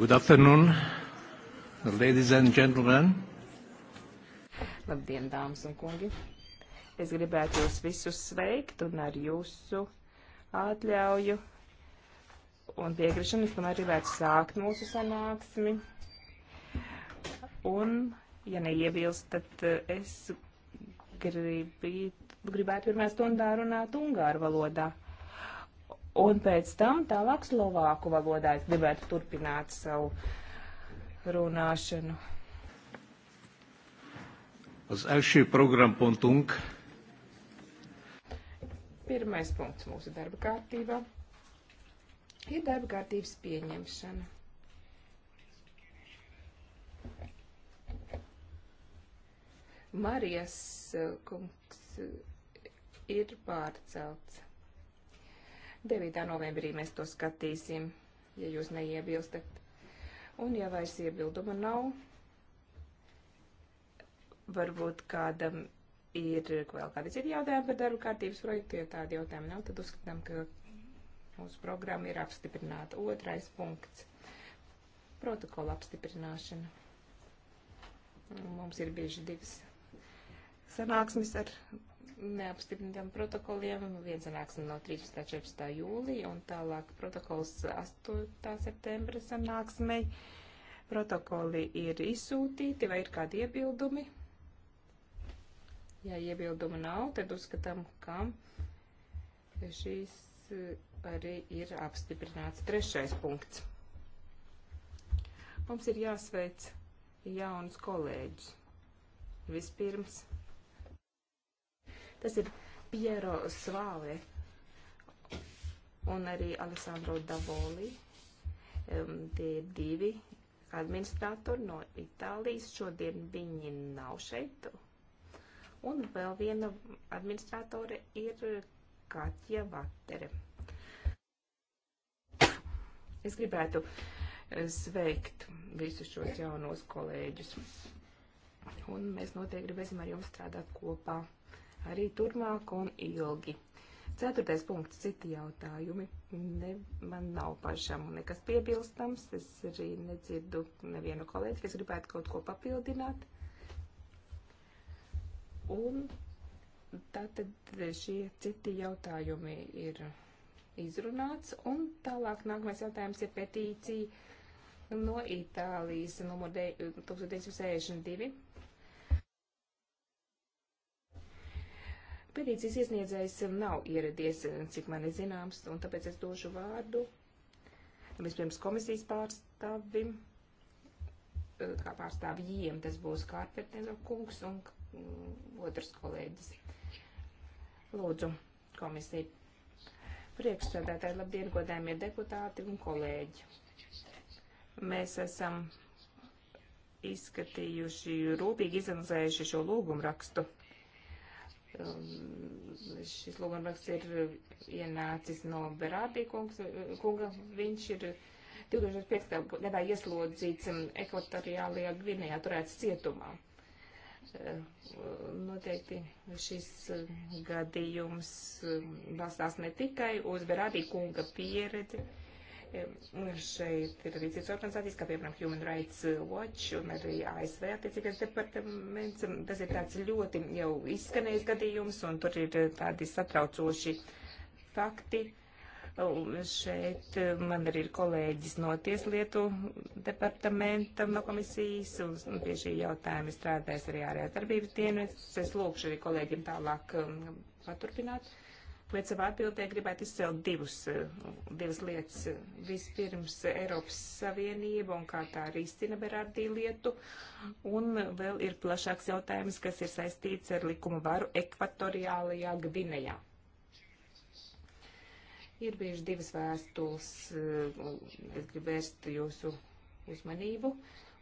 Good afternoon, ladies and gentlemen. Labdien, dāmas un kungi. Es gribētu jūs visus sveikt un ar jūsu atļauju un piekrišanu es tomēr gribētu sākt mūsu sanāksmi. Un, ja neiebilst, tad es gribētu, gribētu pirmā stundā runāt ungāru valodā. Un pēc tam tālāk slovāku valodā es gribētu turpināt savu runāšanu. Az első programpontunk. Pirmais punkts mūsu darba kārtībā ir darba kārtības pieņemšana. Marijas eh, kungs eh, ir pārcelts. 9. novembrī mēs to skatīsim, ja jūs neiebilstat. Un, ja vairs iebilduma nav, varbūt kādam ir vēl kādi citi jautājumi par darba kārtības projektu, ja tādi jautājumi nav, tad uzskatām, ka mūsu programma ir apstiprināta. Otrais punkts - protokola apstiprināšana. Mums ir bieži divas sanāksmes ar neapstiprinātiem protokoliem. Viena sanāksme no 13. un 14. jūlija un tālāk protokols 8. septembra sanāksmei. Protokoli ir izsūtīti vai ir kādi iebildumi? Ja iebildumi nav, tad uzskatām, ka šīs arī ir apstiprināts trešais punkts. Mums ir jāsveic jaunus kolēģus. Vispirms Tas ir Piero Svāle un arī Alessandro Davoli. Um, tie ir divi administratori no Itālijas. Šodien viņi nav šeit. Un vēl viena administratore ir Katja Vatere. Es gribētu eh, sveikt visus šos jaunos kolēģus. Un mēs noteikti gribēsim ar jums strādāt kopā arī turmāk un ilgi. Ceturtais punkts - citi jautājumi. Ne, man nav pašam nekas piebilstams. Es arī nedzirdu nevienu kolēģi, kas gribētu kaut ko papildināt. Un tātad šie citi jautājumi ir izrunāts. Un tālāk nākamais jautājums ir petīcija no Itālijas numur 1962 Petīcijas iesniedzējs nav ieradies, cik man ir zināms, un tāpēc es došu vārdu vispirms komisijas pārstāvim, eh, kā pārstāvjiem, tas būs Kārpetnera kungs un mm, otrs kolēģis. Lūdzu, komisija. Priekšsēdētāji, labdien, godējumie deputāti un kolēģi. Mēs esam izskatījuši, rūpīgi izanalizējuši šo lūgumu rakstu Um, šis lūgumraksts ir ienācis no Berārdī kunga. Viņš ir 2005. gadā ieslodzīts um, ekvatoriālajā Gvinējā, turēts cietumā. Uh, noteikti šis um, gadījums balstās ne tikai uz Berādī kunga pieredzi, Šeit ir arī citas organizācijas, kā piemēram Human Rights Watch un arī ASV attiecīgais departaments. Tas ir tāds ļoti jau izskanējis gadījums un tur ir eh, tādi satraucoši fakti. Šeit eh, man arī ir kolēģis no Tieslietu departamenta no komisijas, un pie šī jautājuma strādājas arī ārējās darbības dienas. Es lūkšu arī kolēģim tālāk eh, paturpināt bet savā atbildē gribētu izcelt divus, eh, divas lietas. Vispirms Eiropas Savienība un kā tā risina Berardī lietu, un vēl ir plašāks jautājums, kas ir saistīts ar likuma varu ekvatoriālajā Gvinējā. Ir bijuši divas vēstules, eh, es gribu vērst jūsu uzmanību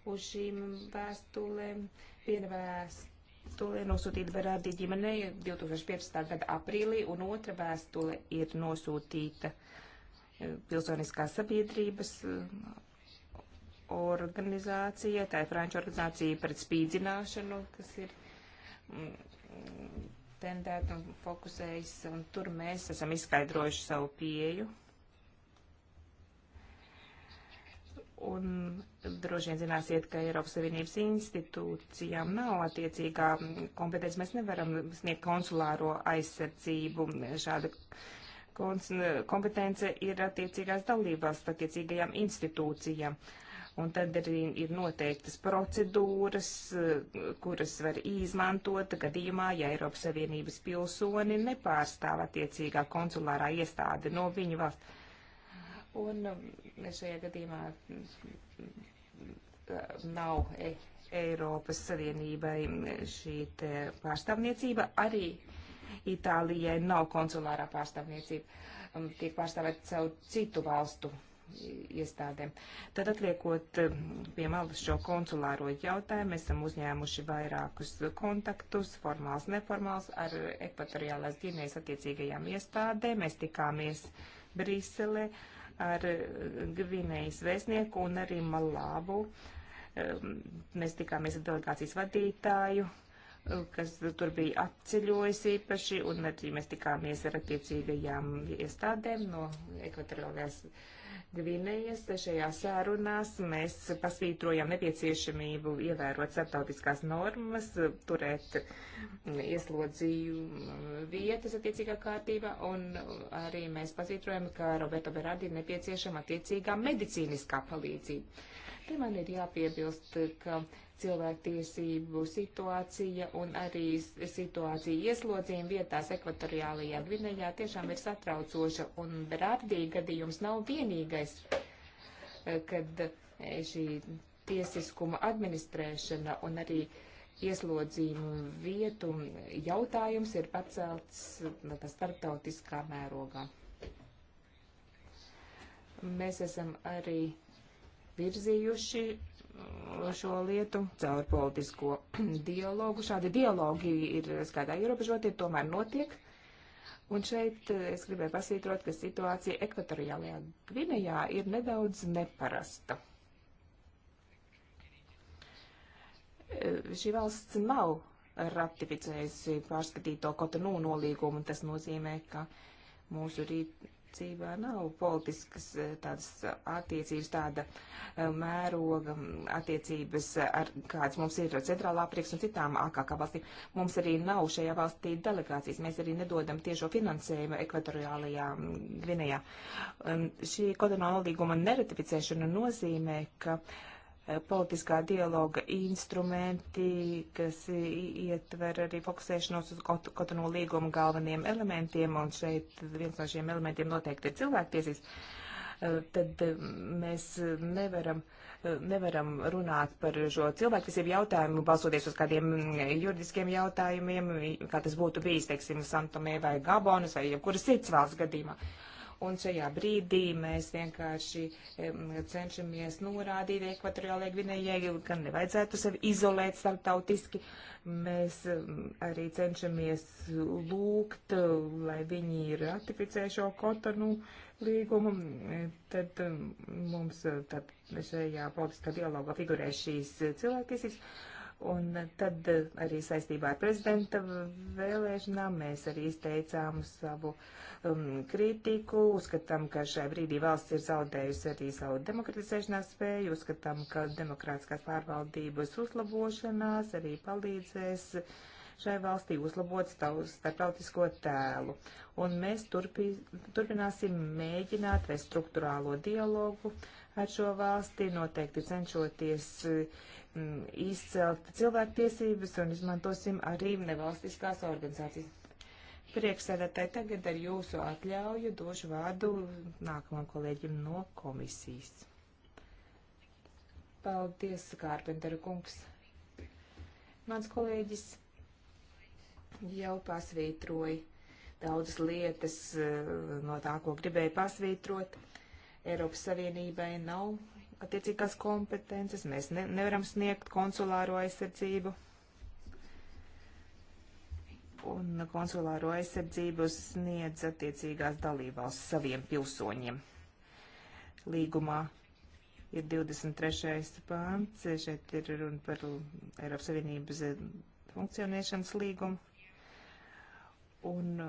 uz šīm vēstulēm. Viena vēstule vēstule nosūtīta Berardi ģimenei 2015. gada aprīlī, un otra vēstule ir nosūtīta eh, pilsoniskās sabiedrības eh, organizācija, tā ir franču organizācija pret spīdzināšanu, kas ir mm, tendēta un fokusējas, un tur mēs esam izskaidrojuši savu pieju Un droši vien zināsiet, ka Eiropas Savienības institūcijām nav attiecīgā kompetence. Mēs nevaram sniegt konsulāro aizsardzību. Šāda kompetence ir attiecīgās dalībās, attiecīgajām institūcijām. Un tad arī ir noteiktas procedūras, kuras var izmantot gadījumā, ja Eiropas Savienības pilsoni nepārstāv attiecīgā konsulārā iestāde no viņu valsts. Un um, šajā gadījumā mm, mm, nav e Eiropas Savienībai šī pārstāvniecība. Arī Itālijai nav konsulārā pārstāvniecība. Um, tiek pārstāvēt caur citu valstu iestādēm. Tad atliekot um, pie malas šo konsulāro jautājumu, mēs esam uzņēmuši vairākus kontaktus, formāls, neformāls, ar ekvatoriālās ģimenes attiecīgajām iestādēm. Mēs tikāmies Brīselē. Uh, ar eh, Gvinējas vēstnieku un arī Malābu. Mēs tikāmies ar delegācijas vadītāju, eh, kas tur bija atceļojis īpaši, un arī mēs tikāmies ar attiecīgajām iestādēm no ekvatoriālajās. Uh, Gvinējas. Šajā sērunās mēs pasvītrojam nepieciešamību ievērot starptautiskās normas, turēt ieslodzīju vietas attiecīgā kārtībā, un arī mēs pasvītrojam, ka Roberto Berardi ir nepieciešama attiecīgā medicīniskā palīdzība. Te man ir jāpiebilst, ka cilvēktiesību situācija un arī situācija ieslodzījuma vietās ekvatoriālajā Gvinējā tiešām ir satraucoša, un Berārdī gadījums nav vienīgais, eh, kad eh, šī tiesiskuma administrēšana un arī ieslodzījuma vietu jautājums ir pacelts eh, starptautiskā mērogā. Mēs esam arī virzījuši šo lietu caur politisko dialogu. Šādi dialogi ir skaitā ierobežoti, tomēr notiek. Un šeit eh, es gribēju pasvītrot, ka situācija ekvatoriālajā Gvinējā ir nedaudz neparasta. Eh, šī valsts nav ratificējusi pārskatīto Kotonu nolīgumu, un tas nozīmē, ka mūsu rīt, rīcībā nav politiskas eh, tādas attiecības, tāda eh, mēroga attiecības, ar kāds mums ir Centrālā Afrikas un citām AKK valstīm. Mums arī nav šajā valstī delegācijas, mēs arī nedodam tiešo finansējumu ekvatoriālajā Gvinējā. Šī kodonola līguma neratificēšana nozīmē, ka uh, politiskā dialoga instrumenti, kas ietver arī fokusēšanos uz kotonu līguma galveniem elementiem, un šeit viens no šiem elementiem noteikti ir cilvēktiesīs, eh, tad eh, mēs eh, nevaram nevaram runāt par šo cilvēktiesību jautājumu, balsoties uz kādiem mm, juridiskiem jautājumiem, kā tas būtu bijis, teiksim, Santomē vai Gabonas vai jebkuras cits valsts gadījumā. Uh, Un šajā brīdī mēs vienkārši cenšamies norādīt ekvatoriālajai Gvinējai, ka nevajadzētu sevi izolēt starptautiski. Mēs arī cenšamies lūgt, lai viņi ratificē šo kotonu līgumu. Tad mums tad šajā politiskā dialogā figurē šīs cilvēktiesības. Un tad eh, arī saistībā ar prezidenta vēlēšanām mēs arī izteicām savu um, kritiku, uzskatām, ka šai brīdī valsts ir zaudējusi arī savu demokratizēšanās spēju, uzskatām, ka demokrātiskās pārvaldības uzlabošanās arī palīdzēs šai valstī uzlabot starptautisko tēlu. Un mēs turpi, turpināsim mēģināt vai struktūrālo dialogu. Uh, ar šo valsti, noteikti cenšoties mm, izcelt cilvēktiesības un izmantosim arī nevalstiskās organizācijas. Prieksēdētāji, tagad ar jūsu atļauju došu vārdu nākamam kolēģim no komisijas. Paldies, Kārpentera kungs. Mans kolēģis jau pasvītroja daudzas lietas eh, no tā, ko gribēja pasvītrot. Eiropas Savienībai nav attiecīgās kompetences, mēs ne, nevaram sniegt konsulāro aizsardzību. Un konsulāro aizsardzību sniedz attiecīgās dalībvalsts saviem pilsoņiem. Līgumā ir 23. pāns, šeit ir runa par Eiropas Savienības funkcionēšanas līgumu. Un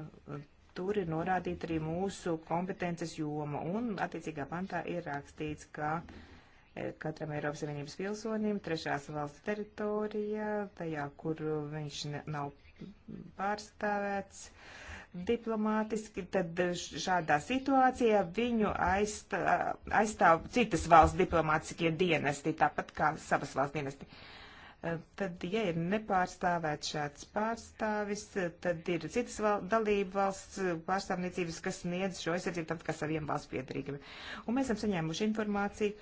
tur ir norādīta arī mūsu kompetences joma, un attiecīgā pantā ir rakstīts, ka e, katram Eiropas Savienības pilsonim trešās valsts teritorijā, tajā, kur viņš nav pārstāvēts diplomātiski, tad šādā situācijā viņu aizstāv, aizstāv citas valsts diplomātiskie dienesti, tāpat kā savas valsts dienesti. Uh, Eh, tad, ja ir nepārstāvēts šāds pārstāvis, eh, tad ir citas val dalība valsts eh, pārstāvniecības, kas sniedz šo aizsardzību tāpat kā saviem valsts piedrīgiem. Un mēs esam saņēmuši informāciju,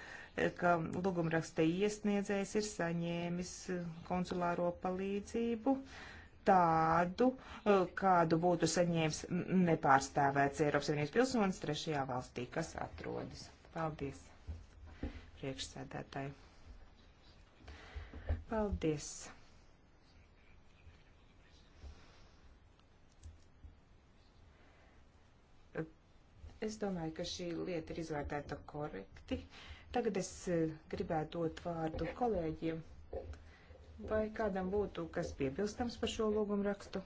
ka lūgumraksta iesniedzējs ir saņēmis konsulāro palīdzību tādu, kādu būtu saņēmis nepārstāvēts Eiropas Savienības pilsonis trešajā valstī, kas atrodas. Paldies priekšsēdētāji. Paldies! Es domāju, ka šī lieta ir izvērtēta korekti. Tagad es eh, gribētu dot vārdu kolēģiem. Vai kādam būtu kas piebilstams par šo lūgumu rakstu?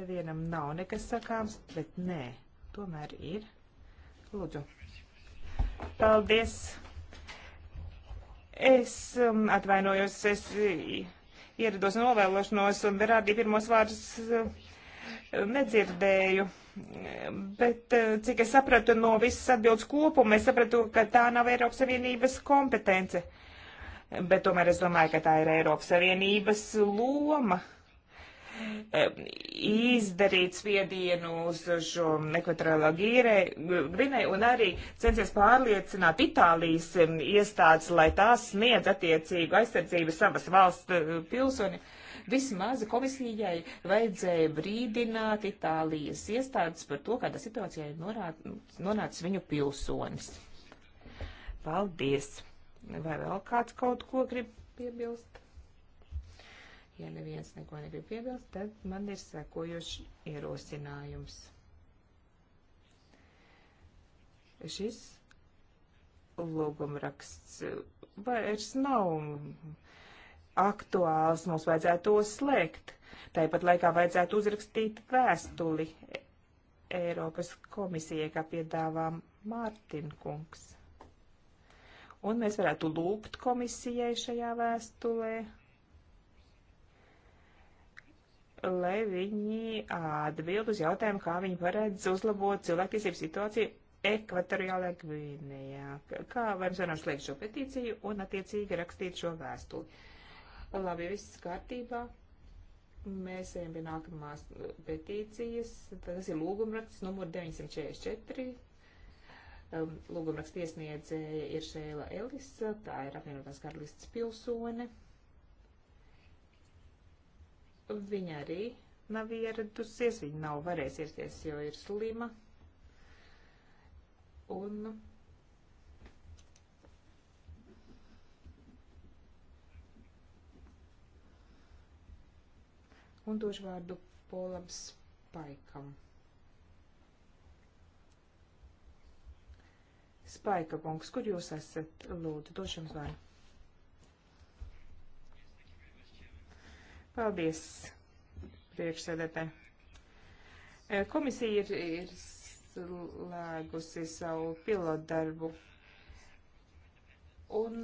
Nevienam nav nekas sakāms, bet nē, tomēr ir. Lūdzu. Paldies! Es um, atvainojos, es ierados novēlošanos un Berārdī pirmos vārdus uh, nedzirdēju. Bet, uh, cik es sapratu no visas atbildes kopuma, es sapratu, ka tā nav Eiropas Savienības kompetence. Bet tomēr es domāju, ka tā ir Eiropas Savienības loma izdarīt spiedienu uz šo ekvatorālā Gvinēju un arī censies pārliecināt Itālijas iestādes, lai tās sniedz attiecīgu aizsardzību savas valsts eh, pilsoni. Vismaz komisijai vajadzēja brīdināt Itālijas iestādes par to, kādā situācijā ir nonācis viņu pilsonis. Paldies! Vai vēl kāds kaut ko grib piebilst? Ja neviens neko negrib piebilst, tad man ir sekojoši ierosinājums. Šis lūgumraksts vairs nav aktuāls, mums vajadzētu to slēgt. Tāpat laikā vajadzētu uzrakstīt vēstuli Eiropas komisijai, kā piedāvā Mārtiņkungs. Un mēs varētu lūgt komisijai šajā vēstulē lai viņi atbild uz jautājumu, kā viņi paredz uzlabot cilvēktiesību situāciju ekvatoriālajā Gvinējā. Kā varam sarunāt slēgt šo petīciju un attiecīgi rakstīt šo vēstuli. Labi, viss kārtībā. Mēs ejam pie nākamās petīcijas. Tas ir lūgumraksts numur 944. Um, lūgumraksts iesniedzēja ir Šēla Elisa, tā ir apvienotās karalistas pilsone. Viņa arī nav ieradusies, viņa nav varējusi ierasties, jo ir slima. Un Un došu vārdu Polam Spaikam. Spaika kungs, kur jūs esat? Lūdzu, došu jums vārdu. Paldies, priekšsēdētāji. E, komisija ir, ir slēgusi savu pilotdarbu. Un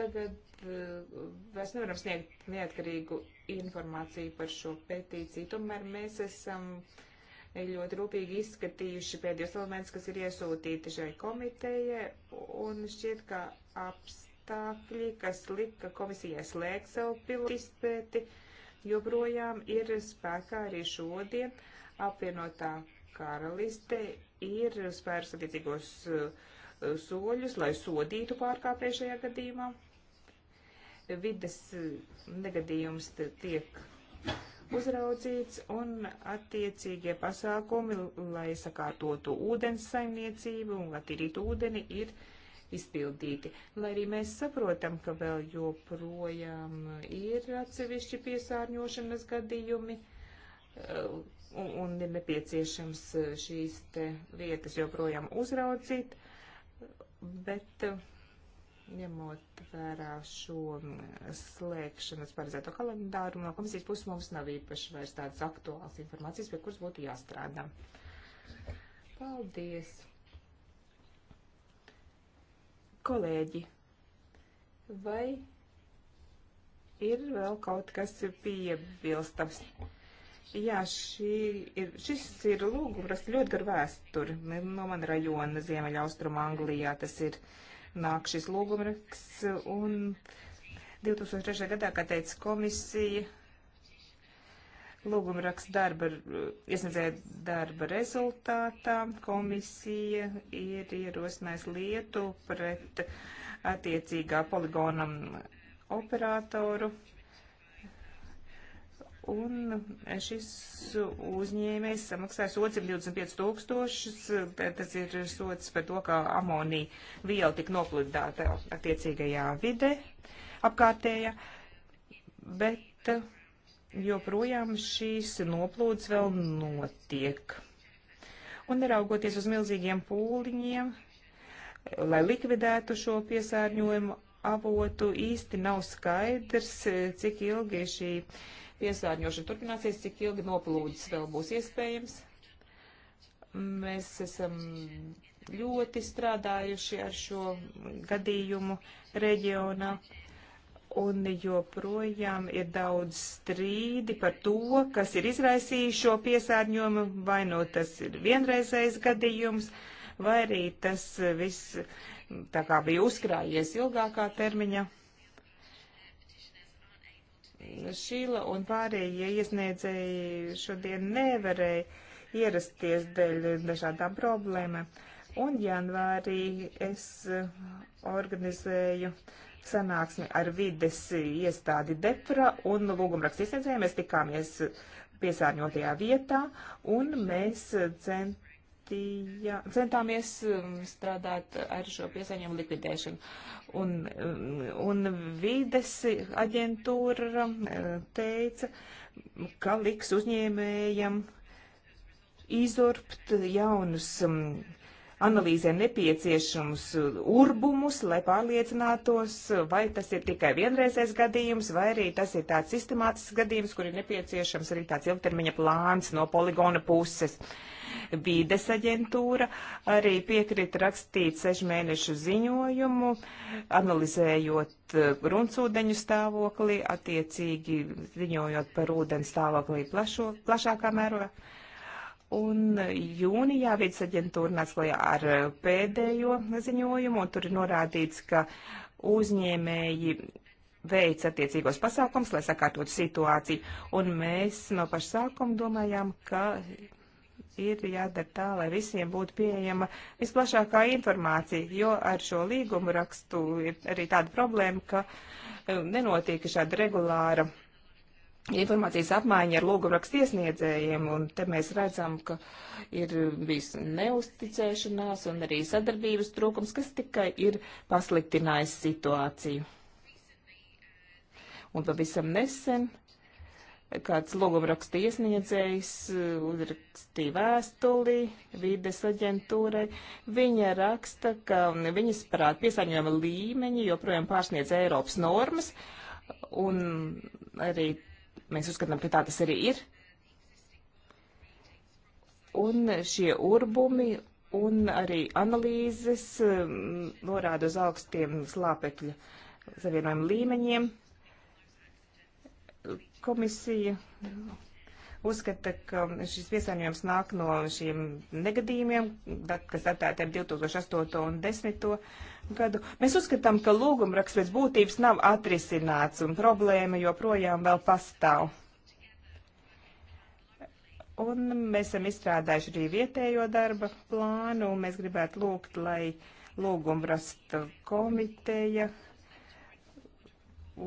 tagad e, mēs nevaram sniegt neatkarīgu informāciju par šo pētīciju. Tomēr mēs esam ļoti rūpīgi izskatījuši pēdējos elementus, kas ir iesūtīti šai komitejai, un šķiet, ka apstākļi apstākļi, kas lika komisijai slēgt savu pilotu izpēti, joprojām ir spēkā arī šodien. Apvienotā karaliste ir spērs attiecīgos eh, soļus, lai sodītu pārkāpēju šajā gadījumā. Vides eh, negadījums tiek uzraudzīts un attiecīgie pasākumi, lai sakārtotu ūdens saimniecību un attīrītu ūdeni, ir uh, izpildīti. Lai arī mēs saprotam, ka vēl joprojām ir atsevišķi piesārņošanas gadījumi eh, un, un ir nepieciešams eh, šīs te vietas joprojām uzraudzīt, bet eh, ņemot vērā šo slēgšanas paredzēto kalendāru, no komisijas puses mums nav īpaši vairs tādas aktuālas informācijas, pie kuras būtu jāstrādā. Paldies! Kolēģi, vai ir vēl kaut kas piebilstams? Jā, šī ir, šis ir lūgums ļoti gar vēsturi. No man rajona Ziemeļaustruma Anglijā tas ir nāk šis lūgumraksts. Un 2003. gadā, kā teica komisija, Lūguma raksts darba, iesniedzēja darba rezultātā komisija ir ierosinājusi lietu pret attiecīgā poligonam operatoru. Un šis uzņēmējs samaksāja sodu 125 tūkstošus, tas ir sods par to, ka amonija viela tika nopludināta attiecīgajā vide apkārtējā, bet joprojām šīs noplūdes vēl notiek. Un neraugoties uz milzīgiem pūliņiem, lai likvidētu šo piesārņojumu avotu, īsti nav skaidrs, cik ilgi šī piesārņošana turpināsies, cik ilgi noplūdes vēl būs iespējams. Mēs esam ļoti strādājuši ar šo gadījumu reģionā. Uh, Un joprojām ir daudz strīdi par to, kas ir izraisījis šo piesārņojumu, vai nu no tas ir vienreizējs gadījums, vai arī tas viss tā kā bija uzkrājies ilgākā termiņa. Šīla un pārējie iesniedzēji šodien nevarēja ierasties dēļ dažādām problēmām. Un janvārī es organizēju uh, sanāksmi ar vides iestādi Depra un lūgumrakstu iesniedzēju. Mēs tikāmies piesārņotajā vietā un mēs centījā, centāmies um, strādāt ar šo piesārņojumu likvidēšanu. Un, um, un vides aģentūra uh, teica, ka liks uzņēmējam izurbt jaunus um, analīzē nepieciešamus urbumus, lai pārliecinātos, vai tas ir tikai vienreizais gadījums, vai arī tas ir tāds sistemātisks gadījums, kur ir nepieciešams arī tāds ilgtermiņa plāns no poligona puses. Vīdes aģentūra arī piekrita rakstīt sešu mēnešu ziņojumu, analizējot gruntsūdeņu eh, stāvokli, attiecīgi ziņojot par ūdens stāvokli plašo, plašākā mērogā Un jūnijā vidas aģentūra nāca klajā ar pēdējo ziņojumu, un tur ir norādīts, ka uzņēmēji veic attiecīgos pasākums, lai sakārtotu situāciju. Un mēs no paša sākuma domājām, ka ir jādara tā, lai visiem būtu pieejama visplašākā informācija, jo ar šo līgumu rakstu ir arī tāda problēma, ka eh, nenotiek šāda regulāra informācijas apmaiņa ar lūgumrakstu iesniedzējiem, un te mēs redzam, ka ir bijis neusticēšanās un arī sadarbības trūkums, kas tikai ir pasliktinājis situāciju. Un pavisam nesen kāds lūgumrakstu iesniedzējs uh, uzrakstīja vēstuli vides aģentūrai. Viņa raksta, ka viņas prāt piesārņojuma līmeņi joprojām pārsniedz Eiropas normas, un arī Mēs uzskatām, ka tā tas arī ir. Un šie urbumi un arī analīzes um, norāda uz augstiem slāpekļu savienojumu līmeņiem. Komisija uzskata, ka šis piesārņojums nāk no šiem negadījumiem, kas datētiem 2008 un 2010 gadu. Mēs uzskatām, ka lūgumraksts pēc būtības nav atrisināts un problēma joprojām vēl pastāv. Un mēs esam izstrādājuši arī vietējo darba plānu, un mēs gribētu lūgt, lai lūgumraksta komiteja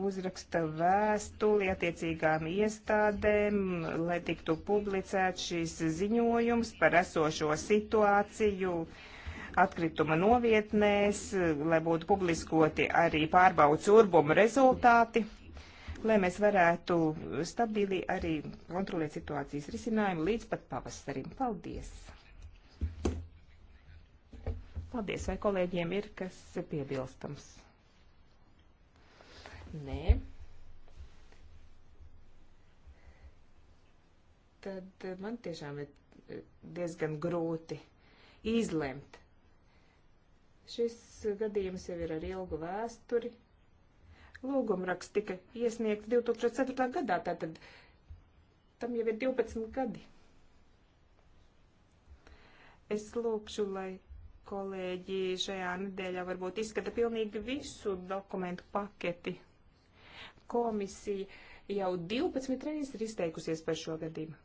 uzraksta vēstuli attiecīgām iestādēm, lai tiktu publicēts šīs ziņojums par esošo situāciju. Uh, atkrituma novietnēs, lai būtu publiskoti arī pārbaudas urbumu rezultāti, lai mēs varētu stabili arī kontrolēt situācijas risinājumu līdz pat pavasarim. Paldies! Paldies, vai kolēģiem ir kas piebilstams? Nē. Tad man tiešām ir diezgan grūti izlemt, Šis gadījums jau ir ar ilgu vēsturi. Lūgumraksts tika iesniegts 2004. gadā, tātad tam jau ir 12 gadi. Es lūkšu, lai kolēģi šajā nedēļā varbūt izskata pilnīgi visu dokumentu paketi. Komisija jau 12 reizes ir izteikusies par šo gadījumu.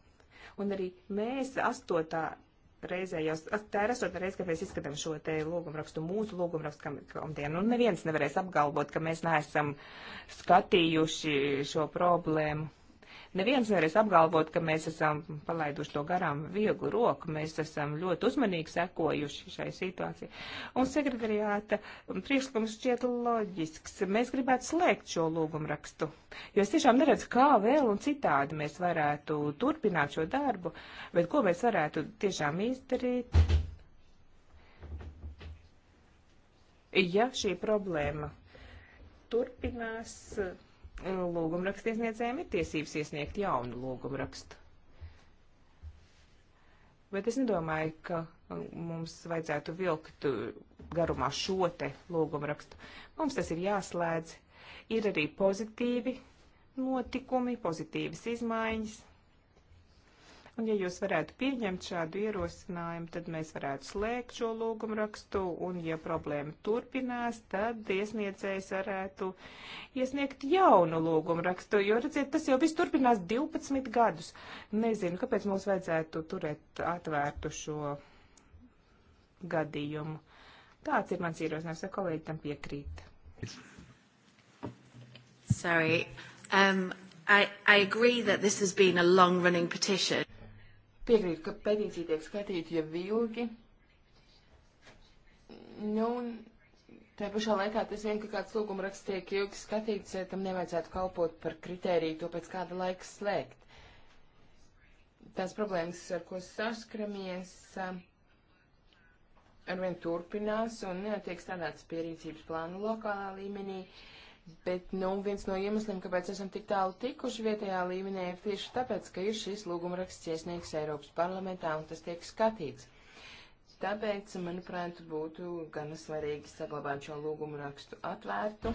Un arī mēs 8 reizējos, tēr esot reiz, kad mēs izskatām šo te lūgumrakstu, mūsu lūgumrakstu komitē, nu neviens nevarēs apgalvot, ka mēs neesam skatījuši šo problēmu. Neviens nevarēs apgalvot, ka mēs esam palaiduši to garām vieglu roku. Mēs esam ļoti uzmanīgi sekojuši šai situācijai. Un sekretariāta priekšlikums šķiet loģisks. Mēs gribētu slēgt šo lūgumu rakstu, jo es tiešām neredzu, kā vēl un citādi mēs varētu turpināt šo darbu, bet ko mēs varētu tiešām izdarīt. Ja šī problēma turpinās, lūgumrakstiesniedzējiem ir tiesības iesniegt jaunu lūgumrakstu. Bet es nedomāju, ka um, mums vajadzētu vilkt uh, garumā šo te lūgumrakstu. Mums tas ir jāslēdz. Ir arī pozitīvi notikumi, pozitīvas izmaiņas. Un ja jūs varētu pieņemt šādu ierosinājumu, tad mēs varētu slēgt šo lūgumu rakstu, un ja problēma turpinās, tad iesniedzējs varētu iesniegt jaunu lūgumu rakstu, jo, redziet, tas jau viss turpinās 12 gadus. Nezinu, kāpēc mums vajadzētu turēt atvērtu šo gadījumu. Tāds ir mans ierosinājums, ja kolēģi tam piekrīt. Sorry. Um, I, I agree that this has been a long-running petition piekrītu, ka petīcija tiek skatīta jau ilgi. Nu, tā pašā laikā tas vien, ka kāds lūgumraksts tiek ilgi skatīts, eh, tam nevajadzētu kalpot par kritēriju to pēc kāda laika slēgt. Tās problēmas, ar ko saskaramies, eh, arvien turpinās un eh, tiek strādāts pie rīcības plānu lokālā līmenī. Uh, Bet nu, viens no iemesliem, kāpēc esam tik tālu tikuši vietējā līmenī, ir tieši tāpēc, ka ir šis lūgumraksts iesniegts Eiropas parlamentā un tas tiek skatīts. Tāpēc, manuprāt, būtu gana svarīgi saglabāt šo lūgumrakstu atvērtu.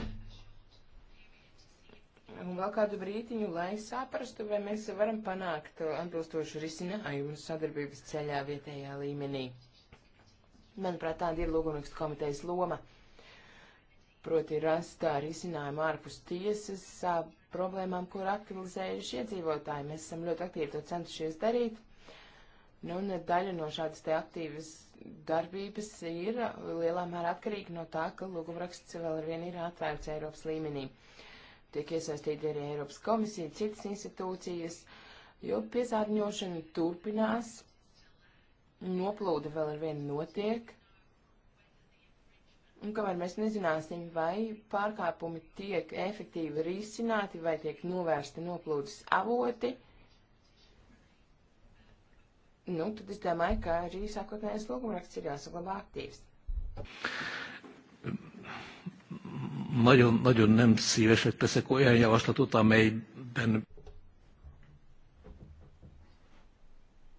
Un vēl kādu brītiņu, lai saprastu, vai mēs varam panākt atbilstošu risinājumu sadarbības ceļā vietējā līmenī. Manuprāt, tāda ir lūgumrakstu komitejas loma proti rast risinājumu ārpus tiesas problēmām, kur aktivizējuši iedzīvotāji. Mēs esam ļoti aktīvi to centušies darīt. Nu, un daļa no šādas te aktīvas darbības ir lielā mērā atkarīga no tā, ka lūgumraksts vēl ar vienu ir atvērts Eiropas līmenī. Tiek iesaistīti arī Eiropas komisija, citas institūcijas, jo piesārņošana turpinās, noplūda vēl ar vienu notiek, Un kamēr mēs nezināsim, vai pārkāpumi tiek efektīvi risināti, vai tiek novērsti noplūdes avoti, nu, tad es domāju, ka arī sākotnējais lūgumraksts ir jāsaglabā aktīvs. Nagyon, nagyon nem szívesek teszek olyan javaslatot, amelyben...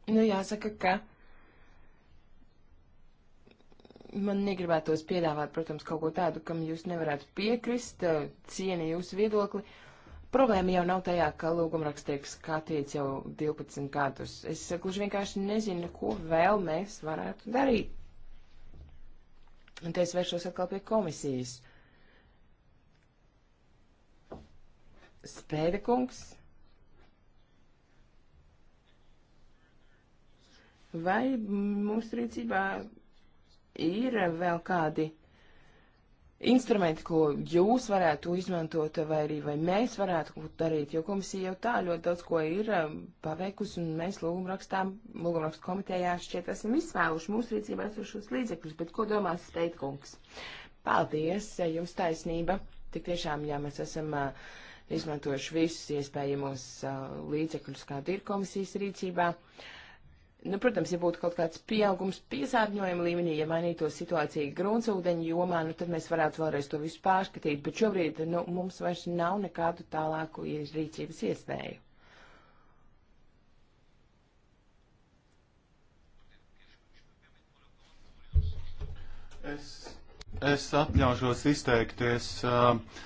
Nu, jāsaka, ka Man negribētos piedāvāt, protams, kaut ko tādu, kam jūs nevarētu piekrist, eh, cieni jūsu viedokli. Problēma jau nav tajā, ka lūgumraksts tiek skatīts jau 12 gadus. Es gluži vienkārši nezinu, ko vēl mēs varētu darīt. Un te es vēršos atkal pie komisijas. Spēda kungs. Vai mūsu rīcībā ir vēl kādi instrumenti, ko jūs varētu izmantot, vai arī vai mēs varētu kaut ko darīt, jo komisija jau tā ļoti daudz ko ir um, paveikusi, un mēs lūgumrakstām, lūgumrakstu komitejā šķiet esam izsvēluši mūsu rīcībā esošos līdzekļus, bet ko domās Steitkungs? Paldies, eh, jums taisnība. Tik tiešām, jā, mēs esam uh, izmantojuši visus iespējamos uh, līdzekļus, kādi ir komisijas rīcībā. Uh, Nu, protams, ja būtu kaut kāds pieaugums piesārņojuma līmenī, ja mainītos situācija gruntsūdeņa jomā, nu, tad mēs varētu vēlreiz to visu pārskatīt, bet šobrīd nu, mums vairs nav nekādu tālāku rīcības iespēju. Es, es atļaušos izteikties. Uh,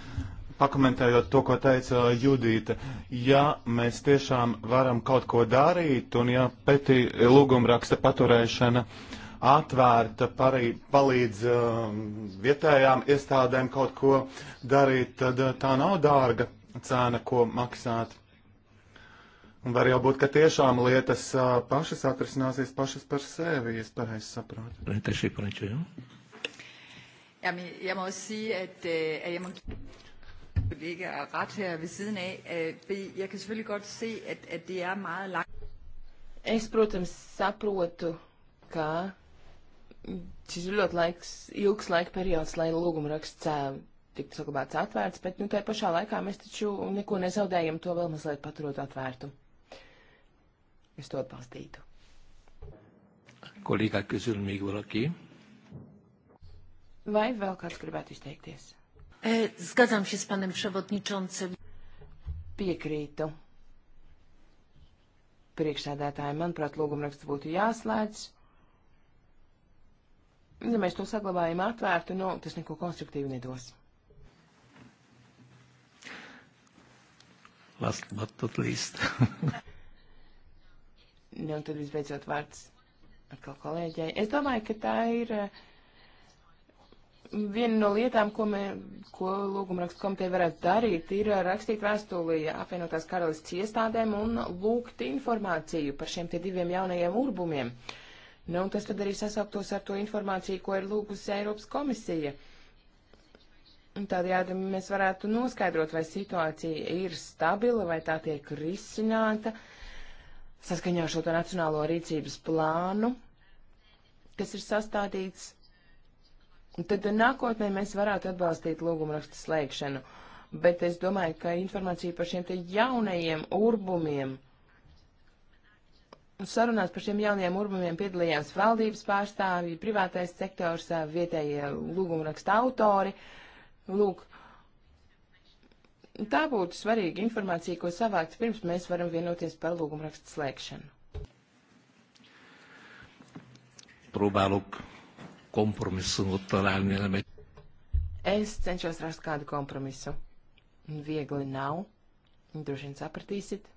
pakomentējot to, ko teica Judīta. Ja mēs tiešām varam kaut ko darīt, un ja peti lūgumraksta paturēšana atvērta parī, palīdz um, vietējām iestādēm kaut ko darīt, tad uh, tā nav dārga cena, ko maksāt. Un var jau būt, ka tiešām lietas uh, pašas atrisināsies pašas par sevi, ja es pareizi saprotu. Rete šī preču, jā? Ja, mi, ja, aussi, et, ja, eh, ja, kollega og ret her ved siden af. Øh, jeg kan selvfølgelig godt se, at, at det er meget langt. Es, protams, saprotu, ka šis ir ļoti laiks, ilgs laika periods, lai lūguma raksts tiktu saglabāts atvērts, bet nu tajā pašā laikā mēs taču neko nezaudējam, to vēl mazliet paturot atvērtu. Es to atbalstītu. Kolīgā, kas ir mīgvalakī? Vai vēl kāds gribētu izteikties? E, zgadzam się z panem przewodniczącym. Piekrītu. Priekšsēdētāji, manuprāt, lūgumraksts būtu jāslēdz. Ja mēs to saglabājam atvērtu, nu, tas neko konstruktīvu nedos. Last but not least. nu, un tad visbeidzot vārds atkal kolēģei. Es domāju, ka tā ir uh, Viena no lietām, ko, mē, ko lūgumrakstu komiteja varētu darīt, ir rakstīt vēstulī apvienotās karalists iestādēm un lūgt informāciju par šiem te diviem jaunajiem urbumiem. Nu, un tas tad arī sasauktos ar to informāciju, ko ir lūgusi Eiropas komisija. Un tādējādi mēs varētu noskaidrot, vai situācija ir stabila, vai tā tiek risināta saskaņā ar šo nacionālo rīcības plānu, kas ir sastādīts tad nākotnē mēs varētu atbalstīt lūgumrakstu slēgšanu. Bet es domāju, ka informācija par šiem te jaunajiem urbumiem, sarunās par šiem jaunajiem urbumiem piedalījās valdības pārstāvji, privātais sektors, vietējie lūgumrakstu autori. Lūk, tā būtu svarīga informācija, ko savākt pirms mēs varam vienoties par lūgumrakstu slēgšanu. Próbálok kompromisszumot találni, nem egy... Es cenšos rast kādu kompromisu. Viegli nav. Droši vien sapratīsit.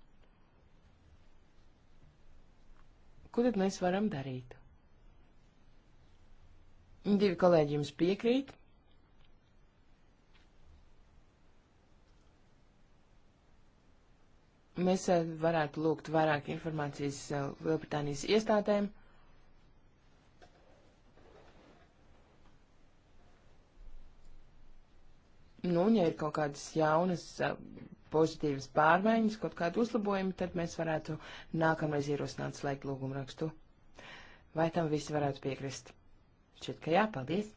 Ko tad mēs varam darīt? Divi kolēģi jums piekrīt. Mēs eh, varētu lūgt vairāk informācijas eh, Lielbritānijas iestādēm. Uh, Nu, un ja ir kaut kādas jaunas eh, pozitīvas pārmaiņas, kaut kādu uzlabojumu, tad mēs varētu nākamreiz ierosināt slēgt lūgumu rakstu. Vai tam visi varētu piekrist? Šķiet, ka jā, paldies.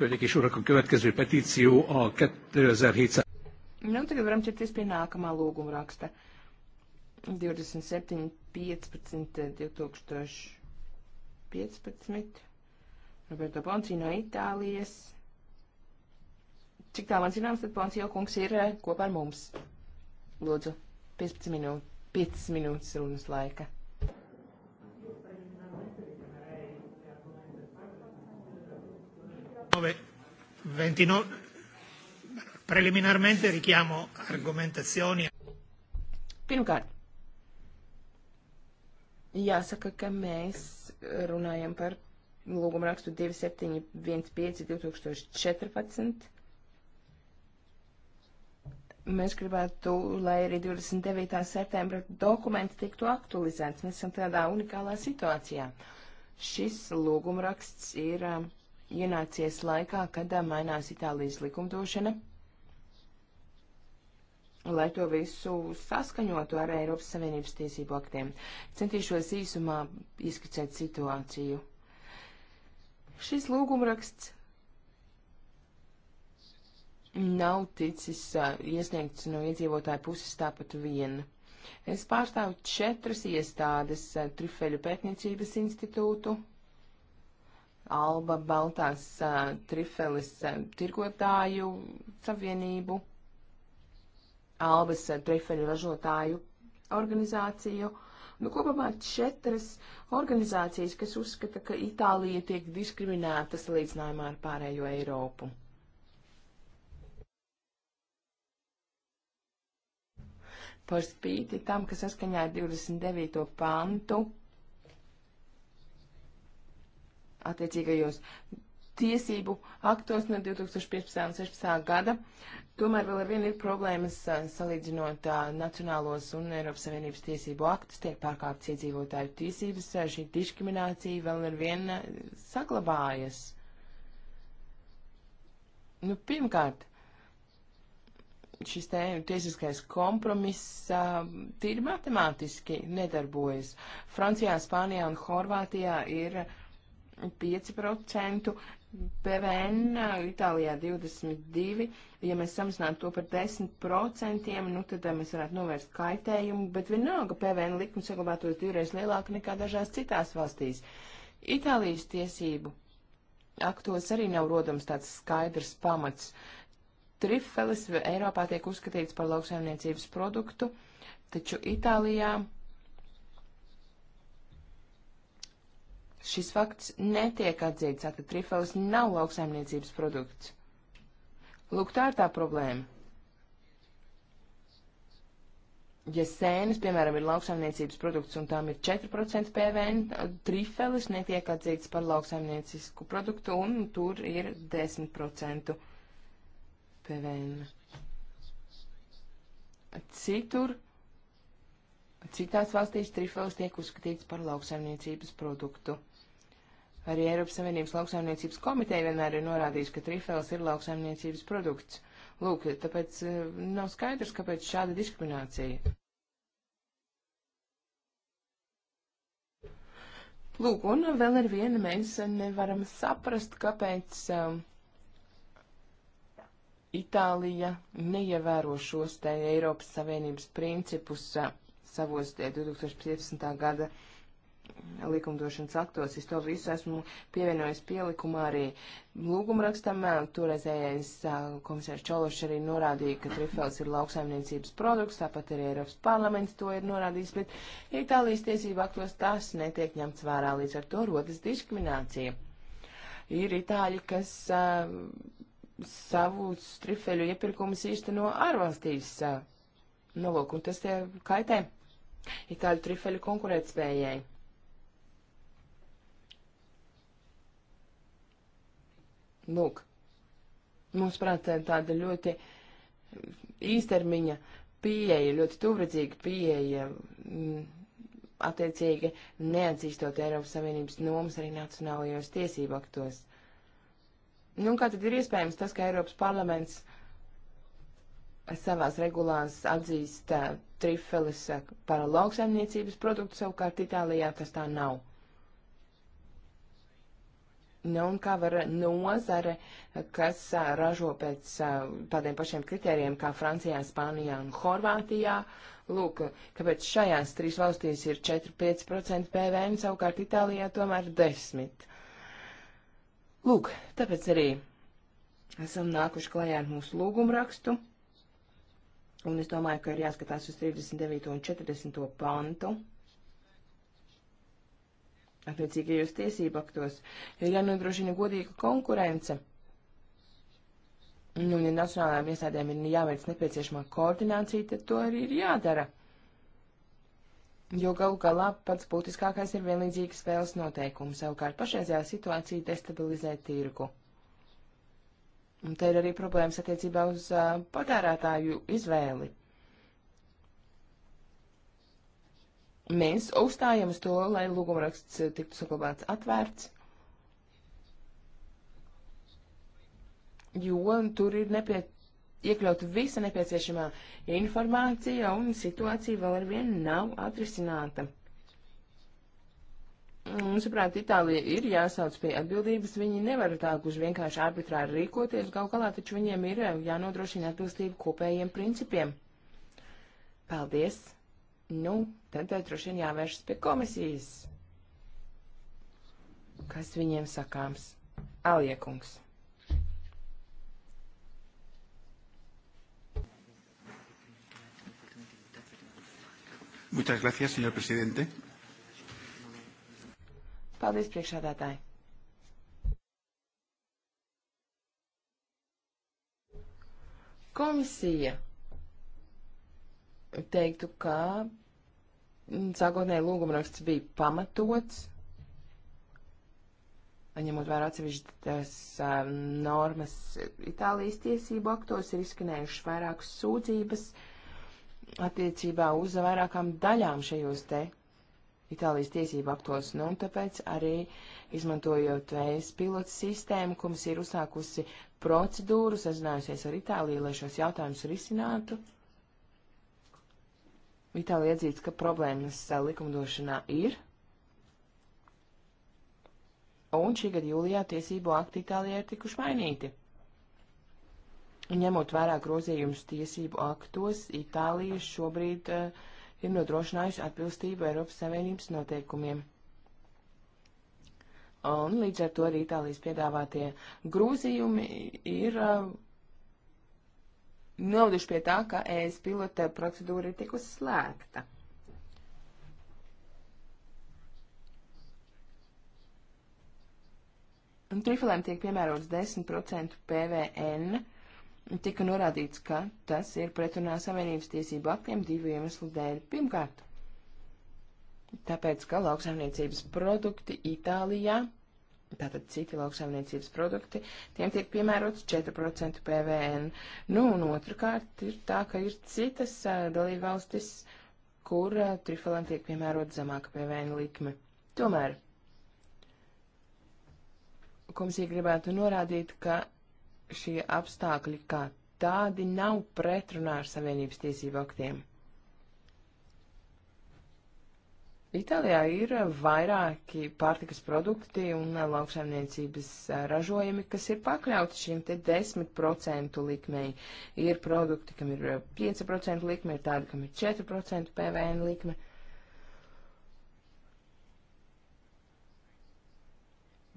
Hölgyek és urak, a következő petíció a 2007... Nu, tagad varam ķerties pie nākamā lūguma raksta. 27, 15, 2015. Roberto Bonci no Itālijas. Cik tā man zināms, tad Pons Jokungs ir eh, kopā ar mums. Lūdzu, 15 minūtes, 15 minūtes runas laika. Preliminarmente richiamo argomentazioni. Pirmkārt, jāsaka, ka mēs runājam par lūgumrakstu 2715 2014 mēs gribētu, lai arī 29. septembra dokumenti tiktu aktualizēts. Mēs esam tādā unikālā situācijā. Šis lūgumraksts ir um, ienācies laikā, kad um, mainās Itālijas likumdošana, lai to visu saskaņotu ar Eiropas Savienības tiesību aktiem. Centīšos īsumā ieskicēt situāciju. Šis lūgumraksts nav ticis iesniegts no iedzīvotāju puses tāpat vien. Es pārstāvu četras iestādes - Trifeļu pētniecības institūtu, Alba Baltās Trifeles tirgotāju savienību, Albas Trifeļu ražotāju organizāciju. Nu, kopumā četras organizācijas, kas uzskata, ka Itālija tiek diskriminēta salīdzinājumā ar pārējo Eiropu. par spīti tam, ka saskaņā ar 29. pantu attiecīgajos tiesību aktos no 2015. un 16. gada. Tomēr vēl ar vienu ir problēmas salīdzinot nacionālos un Eiropas Savienības tiesību aktus, tiek pārkāptas iedzīvotāju tiesības, šī diskriminācija vēl ar vienu saglabājas. Nu, pirmkārt, šis te tiesiskais kompromiss tīri matemātiski nedarbojas. Francijā, Spānijā un Horvātijā ir 5% PVN, Itālijā 22%. Ja mēs samazinātu to par 10%, nu tad mēs varētu novērst kaitējumu, bet vienalga PVN likums saglabātos divreiz lielāka nekā dažās citās valstīs. Itālijas tiesību aktos arī nav rodams tāds skaidrs pamats. Uh, Trifelis Eiropā tiek uzskatīts par lauksaimniecības produktu, taču Itālijā šis fakts netiek atzīts, tātad trifelis nav lauksaimniecības produkts. Lūk, tā ir tā problēma. Ja sēnes, piemēram, ir lauksaimniecības produkts un tām ir 4% PVN, trifelis netiek atzīts par lauksaimniecisku produktu un tur ir 10%. PVN. Citur, citās valstīs trifels tiek uzskatīts par lauksaimniecības produktu. Arī Eiropas Savienības lauksaimniecības komiteja vienmēr ir norādījusi, ka trifels ir lauksaimniecības produkts. Lūk, tāpēc eh, nav skaidrs, kāpēc šāda diskriminācija. Lūk, un vēl ar vienu mēs nevaram saprast, kāpēc um, Itālija neievēro šos te Eiropas Savienības principus savos 2015. gada likumdošanas aktos. Es to visu esmu pievienojis pielikumā arī lūgumrakstam. Toreizējais komisārs Čološs arī norādīja, ka trifels ir lauksaimniecības produkts, tāpat arī Eiropas parlaments to ir norādījis, bet Itālijas tiesību aktos tas netiek ņemts vērā, līdz ar to rodas diskriminācija. Ir itāļi, kas uh, savus strifeļu iepirkumus īsteno ārvalstīs nolūk, nu, un tas tie kaitē itāļu trifeļu konkurētspējai. Lūk, mums prātā tāda ļoti īstermiņa pieeja, ļoti tuvredzīga pieeja, mm, attiecīgi neatzīstot Eiropas Savienības nomas arī nacionālajos tiesību aktos. Nu, kā tad ir iespējams tas, ka Eiropas parlaments savās regulās atzīst uh, trifeles uh, par lauksaimniecības produktu, savukārt Itālijā tas tā nav? Nu, un kā var nozare, kas uh, ražo pēc uh, tādiem pašiem kritērijiem kā Francijā, Spānijā un Horvātijā, lūk, kāpēc šajās trīs valstīs ir 4-5% PVM, savukārt Itālijā tomēr 10%. Lūk, tāpēc arī esam nākuši klajā ar mūsu lūgumu rakstu. Un es domāju, ka ir jāskatās uz 39. un 40. pantu. Attiecīgajos tiesību aktos ir jānodrošina godīga konkurence. Nu, un, ja nacionālajām iestādēm ir jāveic nepieciešamā koordinācija, tad to arī ir jādara jo galu galā pats būtiskākais ir vienlīdzīgas spēles noteikumi, savukārt pašreizējā situācija destabilizē tirgu. Un te ir arī problēmas attiecībā uz uh, patērētāju izvēli. Mēs uzstājam uz to, lai lūgumraksts tiktu saglabāts atvērts, jo tur ir nepiet iekļaut visa nepieciešamā informācija, un situācija vēl ar vienu nav atrisināta. Un, saprāt, Itālija ir jāsauc pie atbildības, viņi nevar tā uz vienkārši arbitrāri rīkoties, gal galā taču viņiem ir eh, jānodrošina atbilstība kopējiem principiem. Paldies! Nu, tad eh, droši vien jāvēršas pie komisijas. Kas viņiem sakāms? Aliekungs. Muchas gracias, señor presidente. Paldies, priekšādātāji. Komisija teiktu, ka mm, sākotnēji lūgumraksts bija pamatots, ņemot vērā atsevišķas normas Itālijas tiesību aktos, ir izskanējušas vairākas sūdzības. Uh, attiecībā uz vairākām daļām šajos te Itālijas tiesību aktos, nu, un tāpēc arī izmantojot ES pilots sistēmu, ko mums ir uzsākusi procedūru, sazinājusies ar Itāliju, lai šos jautājumus risinātu. Itālija atzīst, ka problēmas eh, likumdošanā ir. Un šī gada jūlijā tiesību akti Itālijā ir tikuši mainīti ņemot vērā grozījumus tiesību aktos, Itālija šobrīd uh, ir nodrošinājusi atbilstību Eiropas Savienības noteikumiem. Un līdz ar to arī Itālijas piedāvātie grūzījumi ir uh, noveduši pie tā, ka ES pilota procedūra ir tikusi slēgta. Un trifilēm tiek piemērots 10% PVN tika norādīts, ka tas ir pretrunā Savienības tiesību aktiem divu iemeslu dēļ. Pirmkārt, tāpēc, ka lauksaimniecības produkti Itālijā, tātad citi lauksaimniecības produkti, tiem tiek piemērots 4% PVN. Nu, un otrkārt ir tā, ka ir citas dalībvalstis, kur trifelēm tiek piemērot zemāka PVN likme. Tomēr komisija gribētu norādīt, ka šie apstākļi kā tādi nav pretrunā ar Savienības tiesību aktiem. Itālijā ir vairāki pārtikas produkti un lauksaimniecības ražojumi, kas ir pakļauti šim te 10% likmei. Ir produkti, kam ir 5% likme, ir tādi, kam ir 4% PVN likme. Uh,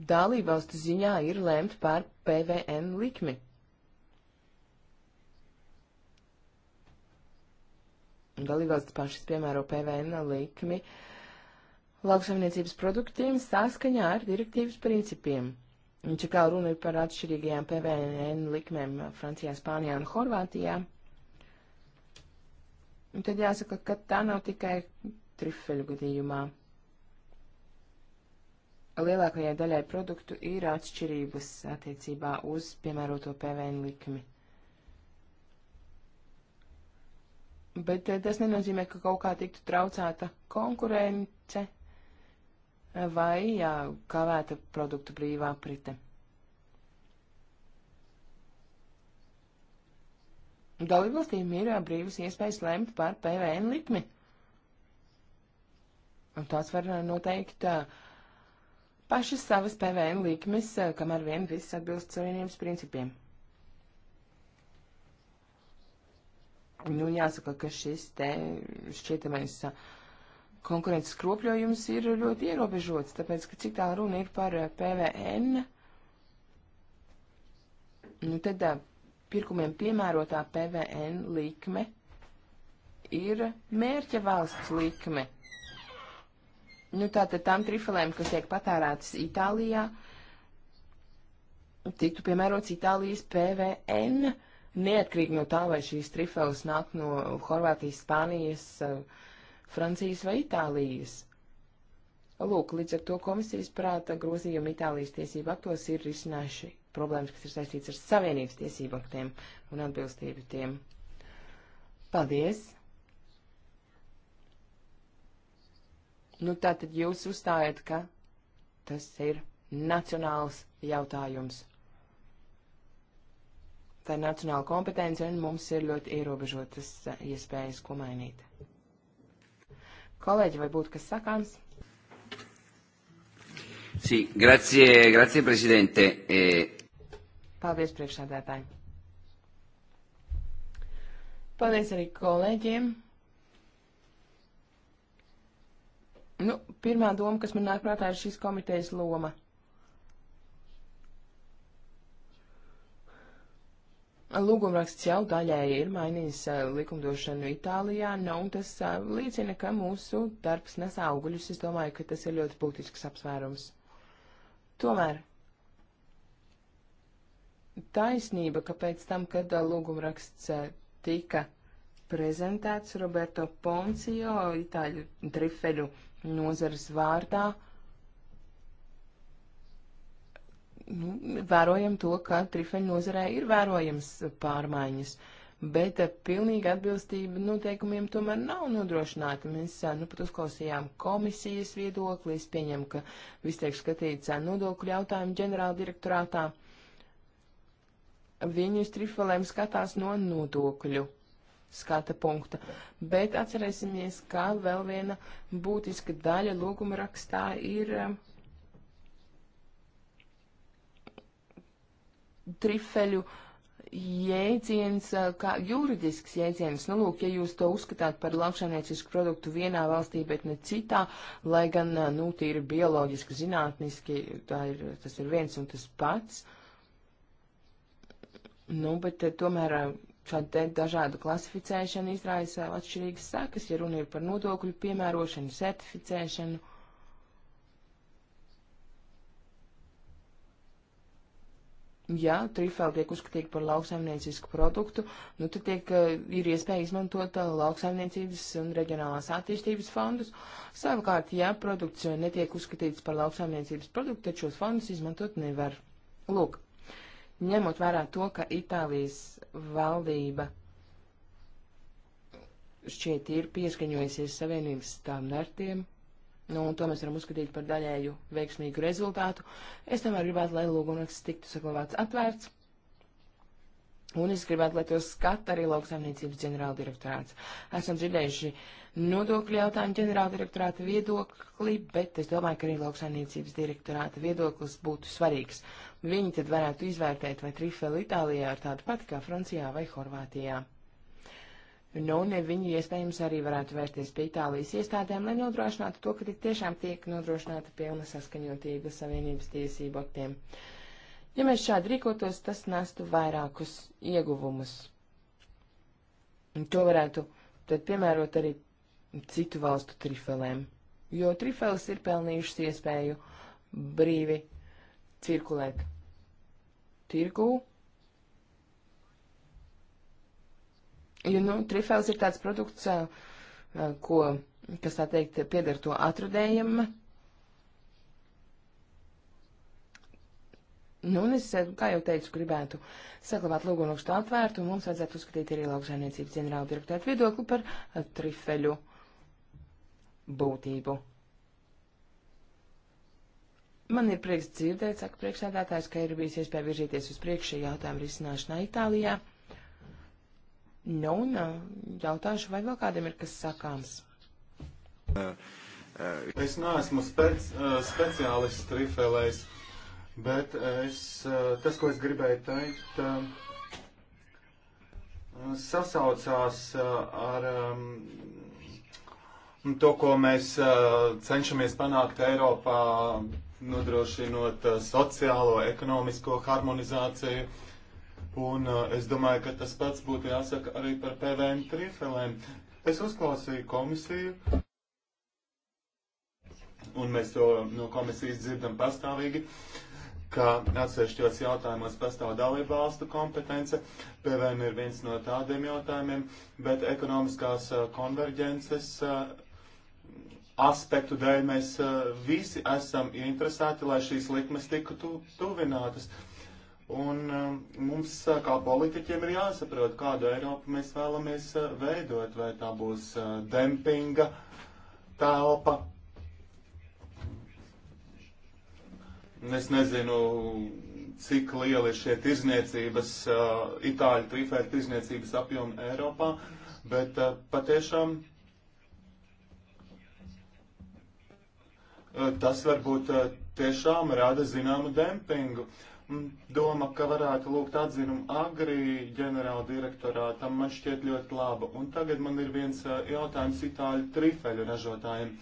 dalībvalstu ziņā ir lemt par PVN likmi. Dalībvalsts pašas piemēro PVN likmi lauksaimniecības produktiem saskaņā ar direktīvas principiem. Un cik kā runa ir par atšķirīgajām PVN likmēm Francijā, Spānijā un Horvātijā, un tad jāsaka, ka tā nav tikai trifeļu gadījumā lielākajai daļai produktu ir atšķirības attiecībā uz piemēroto PVN likmi. Bet eh, tas nenozīmē, ka kaut kā tiktu traucēta konkurence eh, vai jā, kavēta produktu brīvā prite. Dalībvalstīm ir eh, brīvas iespējas lemt par PVN likmi. Un tās var noteikt uh, pašas savas PVN likmes, eh, kamēr vien viss atbilst savienības principiem. Nu, jāsaka, ka šis te šķietamais eh, konkurences kropļojums ir ļoti ierobežots, tāpēc, ka cik tā runa ir par eh, PVN, nu, tad pirkumiem piemērotā PVN likme ir mērķa valsts likme. Nu, tātad tām trifelēm, kas tiek patērētas Itālijā, tiktu piemērots Itālijas PVN, neatkarīgi no tā, vai šīs trifeles nāk no Horvātijas, Spānijas, eh, Francijas vai Itālijas. Lūk, līdz ar to komisijas prāta grozījumi Itālijas tiesību aktos ir risinājuši problēmas, kas ir saistīts ar savienības tiesību aktiem un atbilstību tiem. Paldies! Nu, tātad jūs uzstājat, ka tas ir nacionāls jautājums. Tā ir nacionāla kompetence, un mums ir ļoti ierobežotas eh, iespējas, ko mainīt. Kolēģi, vai būtu kas sakāms? Sī, sí, grazie, grazie, prezidente. E... Paldies, priekšsādātāji. Paldies arī kolēģiem. Nu, pirmā doma, kas man nāk prātā, ir šīs komitejas loma. Lūgumraksts jau daļēji ir mainījis likumdošanu Itālijā, nu, un tas liecina, ka mūsu darbs nes auguļus. Es domāju, ka tas ir ļoti būtisks apsvērums. Tomēr taisnība, ka pēc tam, kad lūgumraksts tika prezentēts Roberto Poncio, itāļu trifeļu nozares vārdā nu, vērojam to, ka trifeņu nozarē ir vērojams pārmaiņas, bet eh, pilnīga atbilstība noteikumiem tomēr nav nodrošināta. Mēs eh, nu, pat uzklausījām komisijas viedokli, es pieņemu, ka viss tiek skatīts eh, nodokļu jautājumu ģenerāla direktorātā. Viņi uz trifelēm skatās no nodokļu skata punkta. Bet atcerēsimies, ka vēl viena būtiska daļa lūguma rakstā ir um, trifeļu jēdziens, uh, kā juridisks jēdziens. Nu, lūk, ja jūs to uzskatāt par lauksaimniecisku produktu vienā valstī, bet ne citā, lai gan, uh, nu, tīri bioloģiski, zinātniski, tā ir, tas ir viens un tas pats. Nu, bet uh, tomēr Šāda te dažādu klasificēšana izraisa atšķirīgas sakas, ja runa ir par nodokļu piemērošanu, certificēšanu. ja trifēli tiek uzskatīti par lauksaimniecisku produktu, nu tad tiek, eh, ir iespēja izmantot eh, lauksaimniecības un reģionālās attīstības fondus. Savukārt, ja produkts eh, netiek uzskatīts par lauksaimniecības produktu, tad šos fondus izmantot nevar. Lūk, ņemot vērā to, ka Itālijas valdība šķiet ir pieskaņojusies savienības standartiem, nu, un to mēs varam uzskatīt par daļēju veiksmīgu rezultātu. Es tomēr gribētu, lai lūgumraksts tiktu saglabāts atvērts. Un es gribētu, lai tos skata arī lauksaimniecības ģenerāldirektorāts. Esam dzirdējuši nodokļu jautājumu ģenerāldirektorāta viedokli, bet es domāju, ka arī lauksaimniecības direktorāta viedoklis būtu svarīgs. Viņi tad varētu izvērtēt, vai trifeli Itālijā ir tāda pati kā Francijā vai Horvātijā. Nu, un viņi iespējams arī varētu vērsties pie Itālijas iestādēm, lai nodrošinātu to, ka tik tiešām tiek nodrošināta pilna saskaņotība savienības tiesību aktiem. Uh, Ja mēs šādi rīkotos, tas nestu vairākus ieguvumus. Un to varētu tad piemērot arī citu valstu trifelēm, jo trifeles ir pelnījušas iespēju brīvi cirkulēt tirgū. Jo, nu, trifels ir tāds produkts, ko, kas tā teikt, pieder to atradējiem Nu, un es, kā jau teicu, gribētu saglabāt lūgunokstu atvērtu, un mums vajadzētu uzskatīt arī lauksainiecības ģenerāla direktētu viedokli par eh, trifeļu būtību. Man ir prieks dzirdēt, saka priekšsēdētājs, ka ir bijis iespēja virzīties uz priekšu šī jautājuma risināšanā Itālijā. Nu, un eh, jautāšu, vai vēl kādam ir kas sakāms? Uh, uh, es neesmu spec, uh, speciālists trifelēs. Uh, Bet es, eh, tas, ko es gribēju teikt, eh, sasaucās eh, ar ehm, to, ko mēs cenšamies panākt Eiropā, nodrošinot sociālo, ekonomisko harmonizāciju. Un es domāju, ka tas pats būtu jāsaka arī par PVN trifelēm. Es uzklausīju komisiju, un mēs to no komisijas dzirdam pastāvīgi. Uh, ka atsevišķos jautājumos pastāv dalību valstu kompetence. PVN ir viens no tādiem jautājumiem, bet ekonomiskās uh, konverģences uh, aspektu dēļ mēs uh, visi esam ieinteresēti, lai šīs likmes tiktu tuvinātas. Un um, mums, kā politiķiem, ir jāsaprot, kādu Eiropu mēs vēlamies veidot, vai tā būs dempinga telpa, Es nezinu, cik liela ir šie tirzniecības, uh, itāļu trifēta tirzniecības apjoma Eiropā, bet uh, patiešām uh, tas varbūt uh, tiešām rada zināmu dempingu. Doma, ka varētu lūgt atzinumu agri ģenerāla direktorātam, man šķiet ļoti laba. Un tagad man ir viens uh, jautājums itāļu trifeļu ražotājiem. Uh,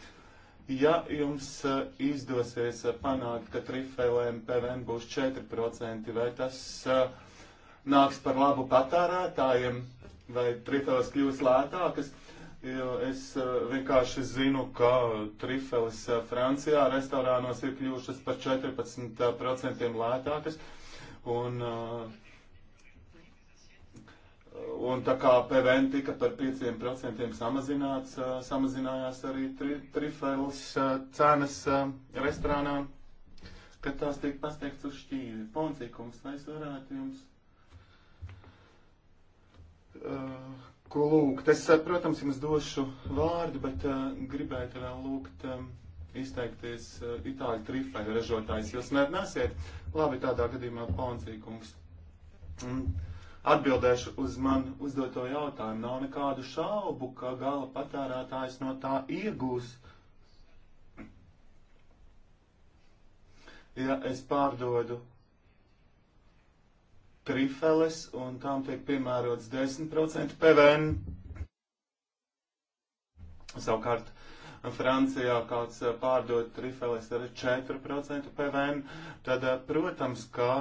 Ja jums eh, izdosies eh, panākt, ka trifelēm PVN būs 4%, vai tas eh, nāks par labu patērētājiem, vai trifeles kļūs lētākas? Jo es vienkārši zinu, ka trifeles Francijā restorānos ir kļuvušas par 14% lētākas. Un, uh, Un tā kā PVN tika par 5% samazināts, samazinājās arī tri, trifels cenas restorānā, kad tās tiek pasniegts uz šķīvi. Poncīkums, vai es varētu jums uh, ko lūgt? Es, protams, jums došu vārdu, bet uh, gribētu vēl lūgt um, izteikties uh, itāļu trifeļu ražotājs. Jūs nerunāsiet? Labi, tādā gadījumā poncīkums. Mm Atbildēšu uz man uzdoto jautājumu. Nav nekādu šaubu, ka gala patērētājs no tā iegūs. Ja es pārdodu trifeles un tām tiek piemērots 10% PVN, savukārt Francijā kāds eh, pārdod trifeles ar 4% PVN, tad, eh, protams, kā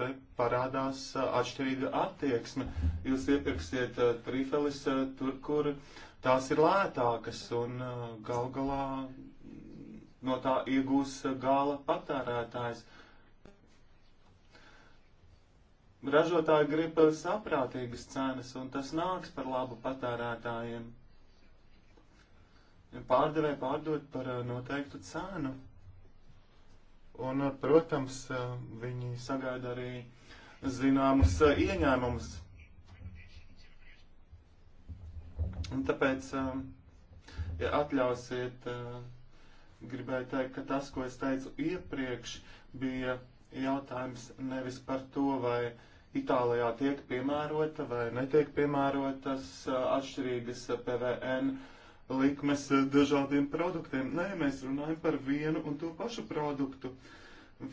te parādās eh, atšķirīga attieksme. Jūs iepirksiet trifeles tur, kur tās ir lētākas un gal galā no tā iegūs gala patērētājs ražotāji grib saprātīgas cenas, un tas nāks par labu patērētājiem pārdevēji pārdod par eh, noteiktu cenu. Un, eh, protams, eh, viņi sagaida arī zināmus ieņēmumus. Un tāpēc, ja atļausiet, gribēju teikt, ka tas, ko es teicu iepriekš, bija jautājums nevis par to, vai Itālijā tiek piemērota vai netiek piemērotas atšķirīgas PVN likmes eh, dažādiem produktiem. Nē, mēs runājam par vienu un to pašu produktu.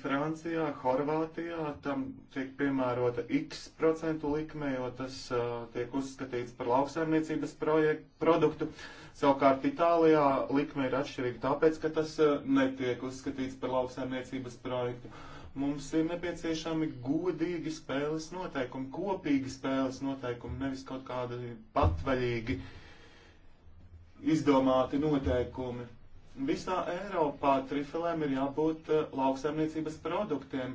Francijā, Horvātijā tam tiek piemērota x procentu likme, jo tas uh, tiek uzskatīts par lauksaimniecības projektu, produktu. Savukārt Itālijā likme ir atšķirīga tāpēc, ka tas uh, netiek uzskatīts par lauksaimniecības projektu. Mums ir nepieciešami godīgi spēles noteikumi, kopīgi spēles noteikumi, nevis kaut kādi patvaļīgi uh, izdomāti noteikumi. Visā Eiropā trifilēm ir jābūt uh, lauksaimniecības produktiem,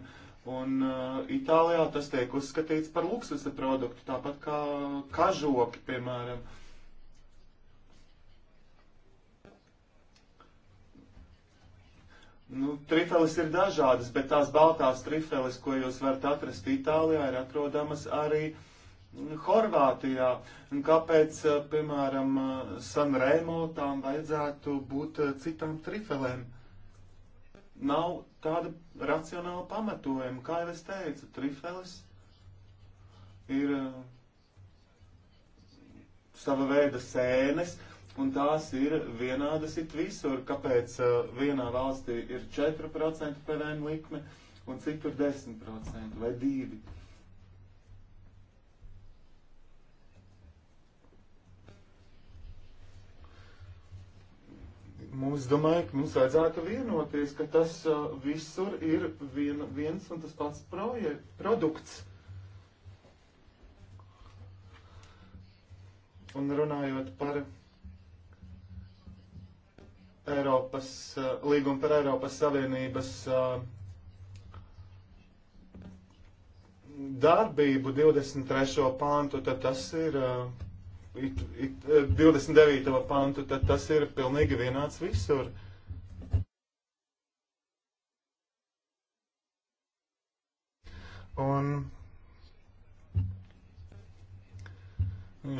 un uh, Itālijā tas tiek uzskatīts par luksusa produktu, tāpat kā kažoki, piemēram. Nu, trifeles ir dažādas, bet tās baltās trifeles, ko jūs varat atrast Itālijā, ir atrodamas arī uh, Horvātijā, un kāpēc, eh, piemēram, eh, Sanremo tām vajadzētu būt eh, citām trifelēm? Nav tāda racionāla pamatojuma, kā jau es teicu, trifeles ir sava veida sēnes, un tās ir vienādas it visur, kāpēc vienā valstī ir 4% PVN likme, un citur 10% vai 2%. Es domāju, ka mums vajadzētu vienoties, ka tas uh, visur ir vien, viens un tas pats projekt, produkts. Un runājot par Eiropas, uh, līgumu par Eiropas Savienības uh, darbību 23. pāntu, tad tas ir uh, it, it, 29. Eh, pantu, tad tas ir pilnīgi vienāds visur. Un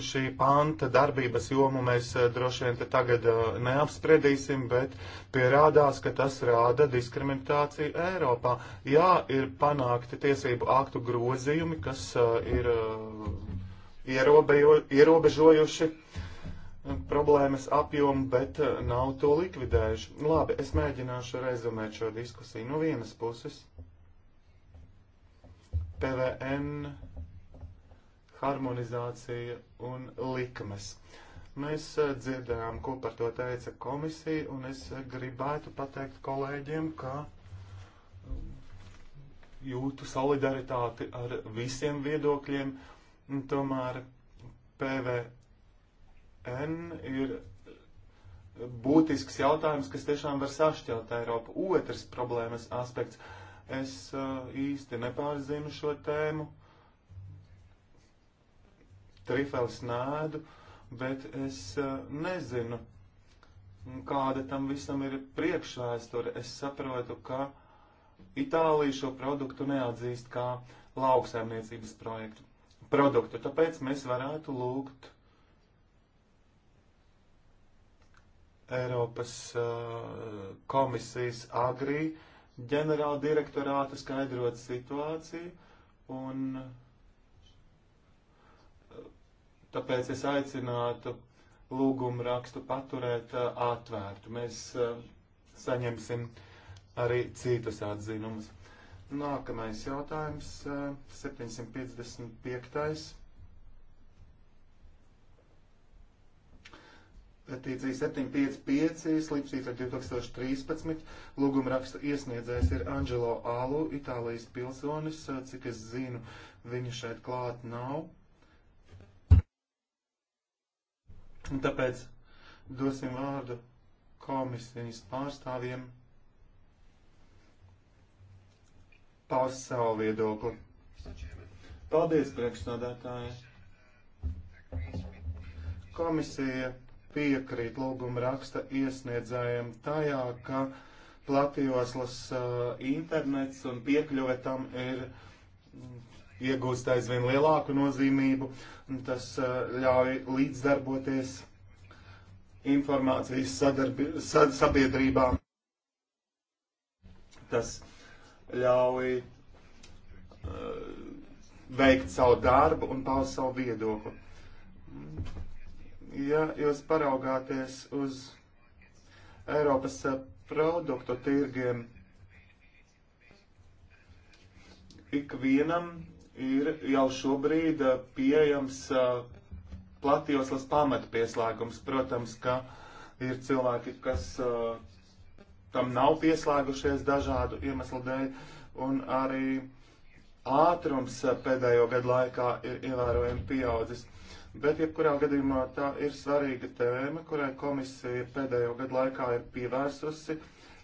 šī panta darbības jomu mēs eh, droši vien te tagad eh, neapspriedīsim, bet pierādās, ka tas rāda diskrimināciju Eiropā. Jā, ir panākti tiesību aktu grozījumi, kas ir ierobejo, ierobežojuši eh, problēmas apjomu, bet eh, nav to likvidējuši. Labi, es mēģināšu rezumēt šo diskusiju no vienas puses. PVN, harmonizācija un likmes. Mēs eh, dzirdējām, ko par to teica komisija, un es gribētu pateikt kolēģiem, ka jūtu solidaritāti ar visiem viedokļiem Tomēr PVN ir būtisks jautājums, kas tiešām var sašķelt Eiropu. Otrs problēmas aspekts. Es uh, īsti nepārzinu šo tēmu. Trifels nēdu, bet es uh, nezinu, kāda tam visam ir priekšvēsture. Es saprotu, ka Itālija šo produktu neatzīst kā lauksaimniecības projektu produktu. Tāpēc mēs varētu lūgt Eiropas uh, komisijas agrī ģenerāla direktorāta skaidrot situāciju un uh, tāpēc es aicinātu lūgumu rakstu paturēt uh, atvērtu. Mēs uh, saņemsim arī citus atzinumus. Nākamais jautājums - 755. Petīcija 755, slīpstīta 2013. Lūguma raksta iesniedzējs ir Angelo Alu, Itālijas pilsonis. Cik es zinu, viņa šeit klāt nav. Un tāpēc dosim vārdu komisijas pārstāvjiem paust savu viedokli. Paldies, priekšsādātāji! Komisija piekrīt lūguma raksta iesniedzējiem tajā, ka platījoslas uh, internets un piekļuve tam ir mm, iegūst aizvien lielāku nozīmību, un tas uh, ļauj līdzdarboties informācijas sadarbi, sad, sabiedrībā. Tas uh, ļauj uh, veikt savu darbu un paust savu viedokli. Ja jūs paraugāties uz Eiropas eh, produktu tirgiem, ikvienam ir jau šobrīd eh, pieejams platjoslas pamatpieslēgums. Protams, ka ir cilvēki, kas uh, tam nav pieslēgušies dažādu iemeslu dēļ, un arī ātrums pēdējo gadu laikā ir ievērojami pieaudzis. Bet, jebkurā gadījumā, tā ir svarīga tēma, kurai komisija pēdējo gadu laikā ir pievērsusi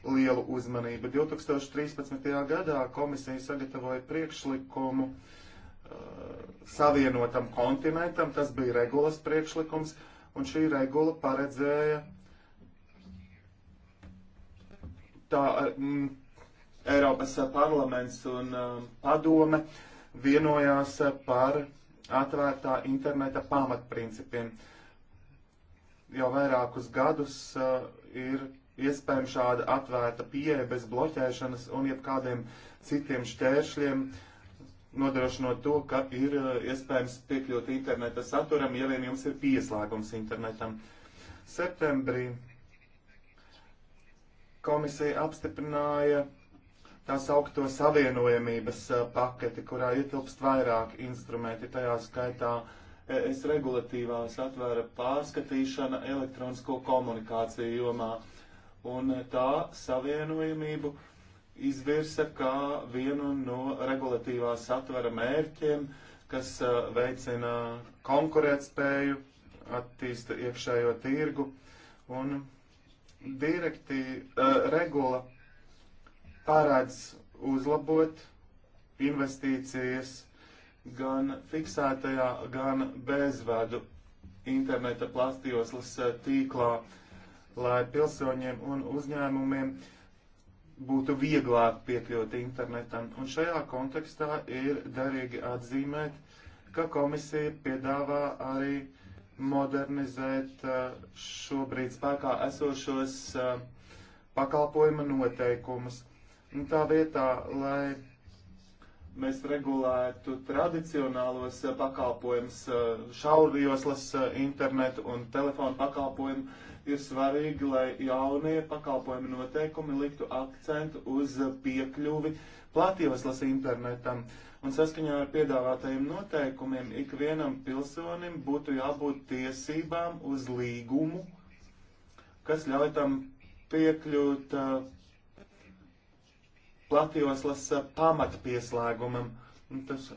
lielu uzmanību. 2013. gadā komisija sagatavoja priekšlikumu uh, savienotam kontinentam, tas bija regulas priekšlikums, un šī regula paredzēja tā mm, Eiropas parlaments un mm, padome vienojās par atvērtā interneta pamatprincipiem. Jau vairākus gadus mm, ir iespējama šāda atvērta pieeja bez bloķēšanas un jebkādiem citiem šķēršļiem, nodrošinot to, ka ir mm, iespējams piekļūt interneta saturam, ja vien jums ir pieslēgums internetam. Septembrī komisija apstiprināja tā saukto savienojamības eh, paketi, kurā ietilpst vairāk instrumenti, tajā skaitā es regulatīvās atvēra pārskatīšana elektronisko komunikāciju jomā. Un eh, tā savienojamību izvirsa kā vienu no regulatīvā satvera mērķiem, kas eh, veicina konkurētspēju, attīsta iekšējo tirgu un direktīva, uh, eh, regula pārēdz uzlabot investīcijas gan fiksētajā, gan bezvadu interneta plastījoslas eh, tīklā, lai pilsoņiem un uzņēmumiem būtu vieglāk piekļūt internetam. Un šajā kontekstā ir derīgi atzīmēt, ka komisija piedāvā arī uh, modernizēt šobrīd spēkā esošos pakalpojuma noteikumus. Un tā vietā, lai mēs regulētu tradicionālos pakalpojumus, šaurjoslas internetu un telefonu pakalpojumu, ir svarīgi, lai jaunie pakalpojumi noteikumi liktu akcentu uz piekļuvi platjoslas internetam. Uh, un saskaņā ar piedāvātajiem noteikumiem ikvienam pilsonim būtu jābūt tiesībām uz līgumu, kas ļauj tam piekļūt uh, platjoslas uh, pamatpieslēgumam. Tas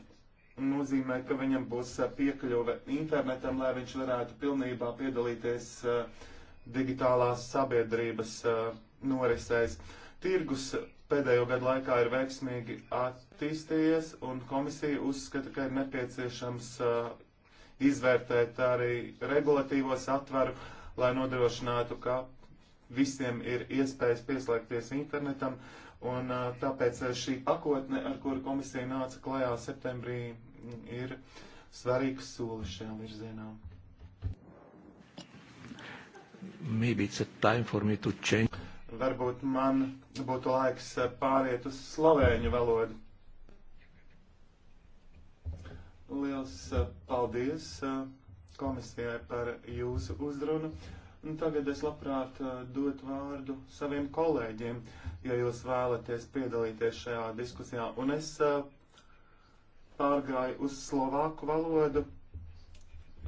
nozīmē, ka viņam būs uh, piekļuve internetam, lai viņš varētu pilnībā piedalīties uh, digitālās sabiedrības uh, norisēs. Tirgus pēdējo gadu laikā ir veiksmīgi attīstījies, un komisija uzskata, ka ir nepieciešams uh, izvērtēt arī regulatīvo satvaru, lai nodrošinātu, ka visiem ir iespējas pieslēgties internetam, un uh, tāpēc šī pakotne, ar kuru komisija nāca klajā septembrī, ir svarīgs solis šajā virzienā. Maybe it's a time for me to change. Varbūt man būtu laiks eh, pāriet uz slovēņu valodu. Liels eh, paldies eh, komisijai par jūsu uzrunu. Un tagad es labprāt dotu vārdu saviem kolēģiem, ja jūs vēlaties piedalīties šajā diskusijā. Un es pārgāju uz slovāku valodu,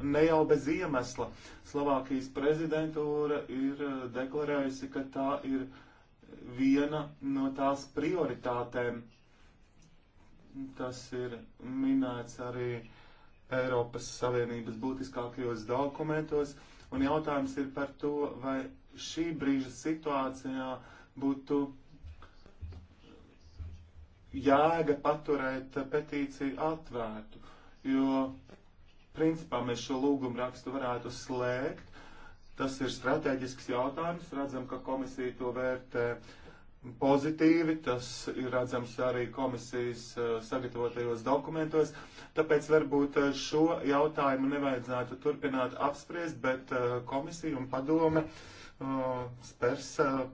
ne jau bez iemesla. Slovākijas prezidentūra ir eh, deklarējusi, ka tā ir viena no tās prioritātēm. Tas ir minēts arī Eiropas Savienības būtiskākajos dokumentos, un jautājums ir par to, vai šī brīža situācijā būtu jēga paturēt petīciju atvērtu, jo Principā mēs šo lūgumu rakstu varētu slēgt. Tas ir strateģisks jautājums. Redzam, ka komisija to vērtē pozitīvi. Tas ir redzams arī komisijas eh, sagatavotajos dokumentos. Tāpēc varbūt eh, šo jautājumu nevajadzētu turpināt apspriest, bet eh, komisija un padome spērs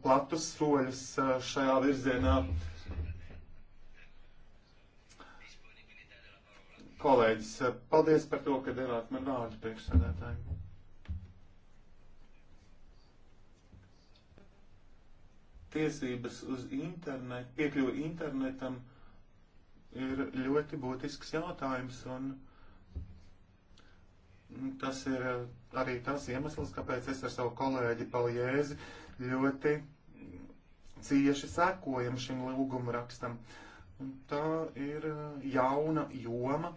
platus soļus šajā virzienā. Mm. kolēģis, eh, paldies par to, ka devāt man vārdu priekšsēdētājiem. Tiesības uz internetu, piekļuvi internetam ir ļoti būtisks jautājums, un tas ir eh, arī tas iemesls, kāpēc es ar savu kolēģi Paljēzi ļoti cieši sekojam šim lūgumu rakstam. Uh, tā ir uh, jauna joma.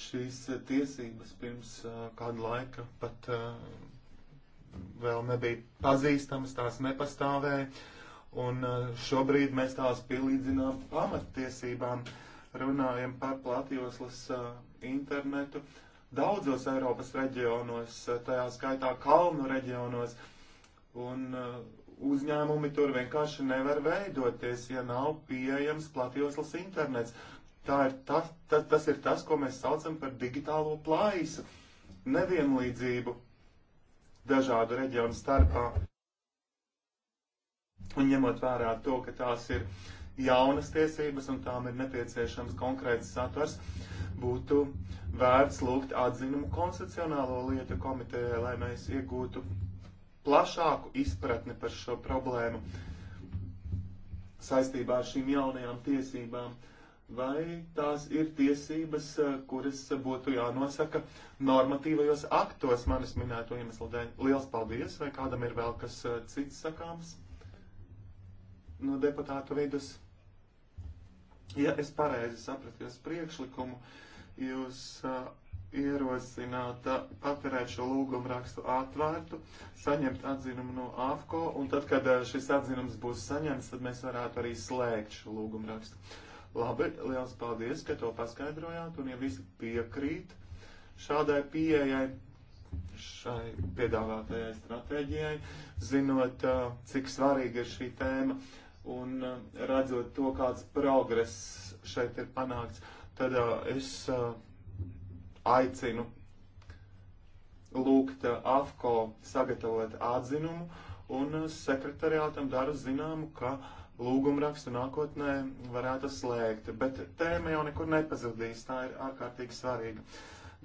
Šīs uh, tiesības pirms uh, kāda laika pat vēl nebija pazīstamas, tās nepastāvēja. Un šobrīd mēs tās pielīdzinām pamattiesībām, runājam par platjoslas internetu daudzos Eiropas reģionos, tajā skaitā kalnu reģionos. Un uzņēmumi tur vienkārši nevar veidoties, ja nav pieejams platjoslas internets. Tā ir ta, ta, tas ir tas, ko mēs saucam par digitālo plaisu, nevienlīdzību dažādu reģionu starpā. Un ņemot vērā to, ka tās ir jaunas tiesības un tām ir nepieciešams konkrēts saturs, būtu vērts lūgt atzinumu konstitucionālo lietu komitejai, lai mēs iegūtu plašāku izpratni par šo problēmu saistībā ar šīm jaunajām tiesībām, vai tās ir tiesības, eh, kuras būtu jānosaka normatīvajos aktos manis minēto iemeslu dēļ. Liels paldies, vai kādam ir vēl kas eh, cits sakāms no deputātu vidus? Ja es pareizi sapratu jūsu priekšlikumu, jūs uh, ierosināta paturēt šo lūgumu rakstu atvērtu, saņemt atzinumu no AFCO, un tad, kad eh, šis atzinums būs saņemts, tad mēs varētu arī slēgt šo lūgumu rakstu. Labi, liels paldies, ka to paskaidrojāt, un ja visi piekrīt šādai pieejai, šai piedāvātajai stratēģijai, zinot, eh, cik svarīga ir šī tēma, un eh, redzot to, kāds progress šeit ir panākts, tad es aicinu lūgt AFCO sagatavot atzinumu un sekretariātam daru zināmu, ka lūguma rakstu nākotnē varētu slēgt. Bet tēma jau nekur nepazudīs, tā ir ārkārtīgi svarīga.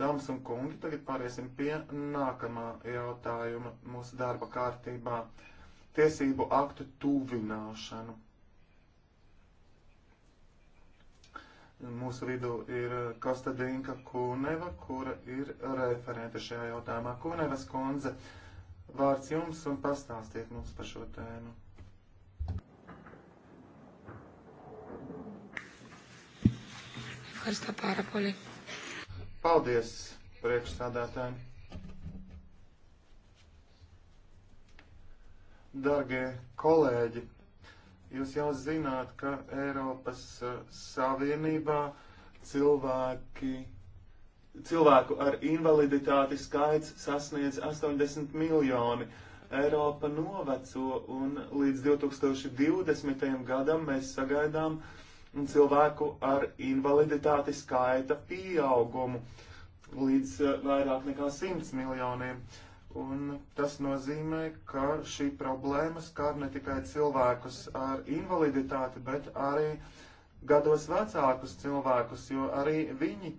Dāmas un kungi, tagad pāriesim pie nākamā jautājuma mūsu darba kārtībā - tiesību aktu tuvināšanu. Mūsu vidū ir Kostadinka Kūneva, kura ir referente šajā jautājumā. Kūnevas kundze, vārds jums un pastāstiet mums par šo tēmu. Paldies, priekšsādātāji! Dārgie kolēģi, Jūs jau zināt, ka Eiropas eh, Savienībā cilvēki, cilvēku ar invaliditāti skaits sasniedz 80 miljoni. Eiropa noveco un līdz 2020. gadam mēs sagaidām cilvēku ar invaliditāti skaita pieaugumu līdz eh, vairāk nekā 100 miljoniem. Uh, un tas nozīmē, ka šī problēma skar ne tikai cilvēkus ar invaliditāti, bet arī gados vecākus cilvēkus, jo arī viņi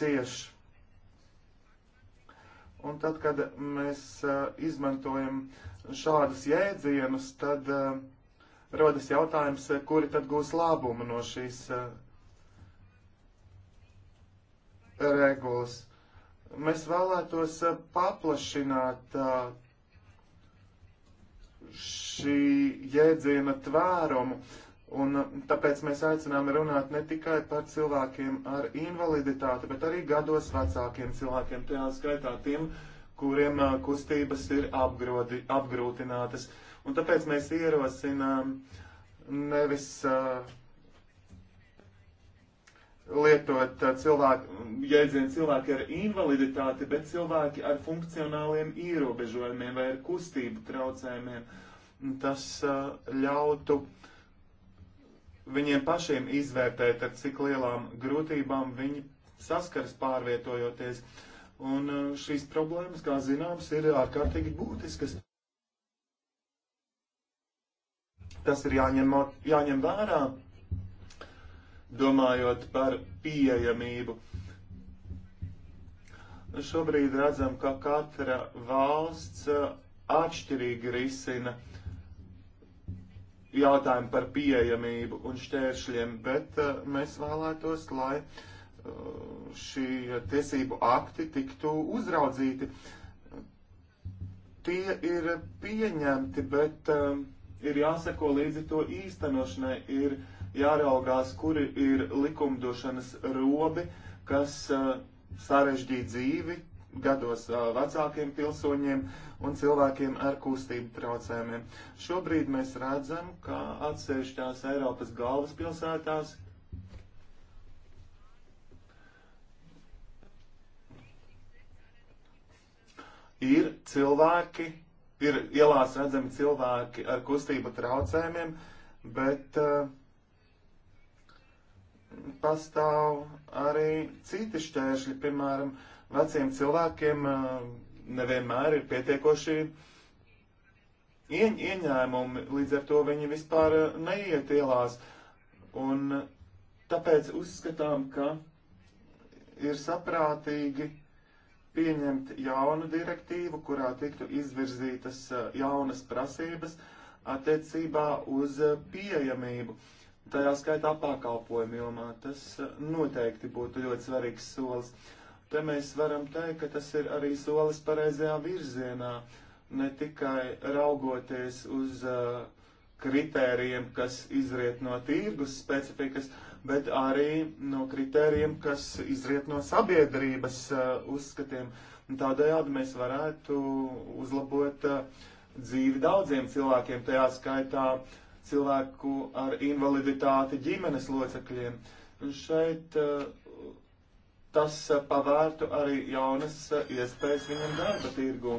cieš. Un tad, kad mēs uh, izmantojam šādus jēdzienus, tad uh, rodas jautājums, uh, kuri tad gūs labumu no šīs uh, regulas. Mēs vēlētos eh, paplašināt eh, šī jēdziena tvērumu, un eh, tāpēc mēs aicinām runāt ne tikai par cilvēkiem ar invaliditāti, bet arī gados vecākiem cilvēkiem, tajā skaitā tiem, kuriem kustības ir apgrodi, apgrūtinātas. Un tāpēc mēs ierosinām nevis uh, lietot cilvēku, jēdzienu cilvēki ar invaliditāti, bet cilvēki ar funkcionāliem ierobežojumiem vai ar kustību traucējumiem. Tas ļautu viņiem pašiem izvērtēt, ar cik lielām grūtībām viņi saskars pārvietojoties. Un šīs problēmas, kā zināms, ir ārkārtīgi būtiskas. Tas ir jāņem, jāņem vērā, domājot par pieejamību. Šobrīd redzam, ka katra valsts uh, atšķirīgi risina jautājumu par pieejamību un šķēršļiem, bet uh, mēs vēlētos, lai uh, šī tiesību akti tiktu uzraudzīti. Tie ir pieņemti, bet ir jāseko līdzi to īstenošanai. Ir uh, jāraugās, kuri ir likumdošanas robi, kas uh, sarežģīja dzīvi gados uh, vecākiem pilsoņiem un cilvēkiem ar kustību traucējumiem. Šobrīd mēs redzam, ka atsevišķās Eiropas galvaspilsētās ir cilvēki, ir ielās redzami cilvēki ar kustību traucējumiem, bet uh, pastāv arī citi šķēršļi, piemēram, veciem cilvēkiem eh, nevienmēr ir pietiekoši ieņ, ieņēmumi, līdz ar to viņi vispār eh, neiet ielās. Un eh, tāpēc uzskatām, ka ir saprātīgi pieņemt jaunu direktīvu, kurā tiktu izvirzītas jaunas prasības attiecībā uz pieejamību. Uh, tajā skaitā pakalpojumu jomā. Tas eh, noteikti būtu ļoti svarīgs solis. Te mēs varam teikt, ka tas ir arī solis pareizajā virzienā, ne tikai raugoties uz uh, kritērijiem, kas izriet no tirgus specifikas, bet arī no kritērijiem, kas izriet no sabiedrības uh, uzskatiem. Un tādējādi mēs varētu uzlabot uh, dzīvi daudziem cilvēkiem, tajā skaitā uh, cilvēku ar invaliditāti ģimenes locekļiem. Un šeit eh, tas eh, pavērtu arī jaunas eh, iespējas viņam darba tirgū.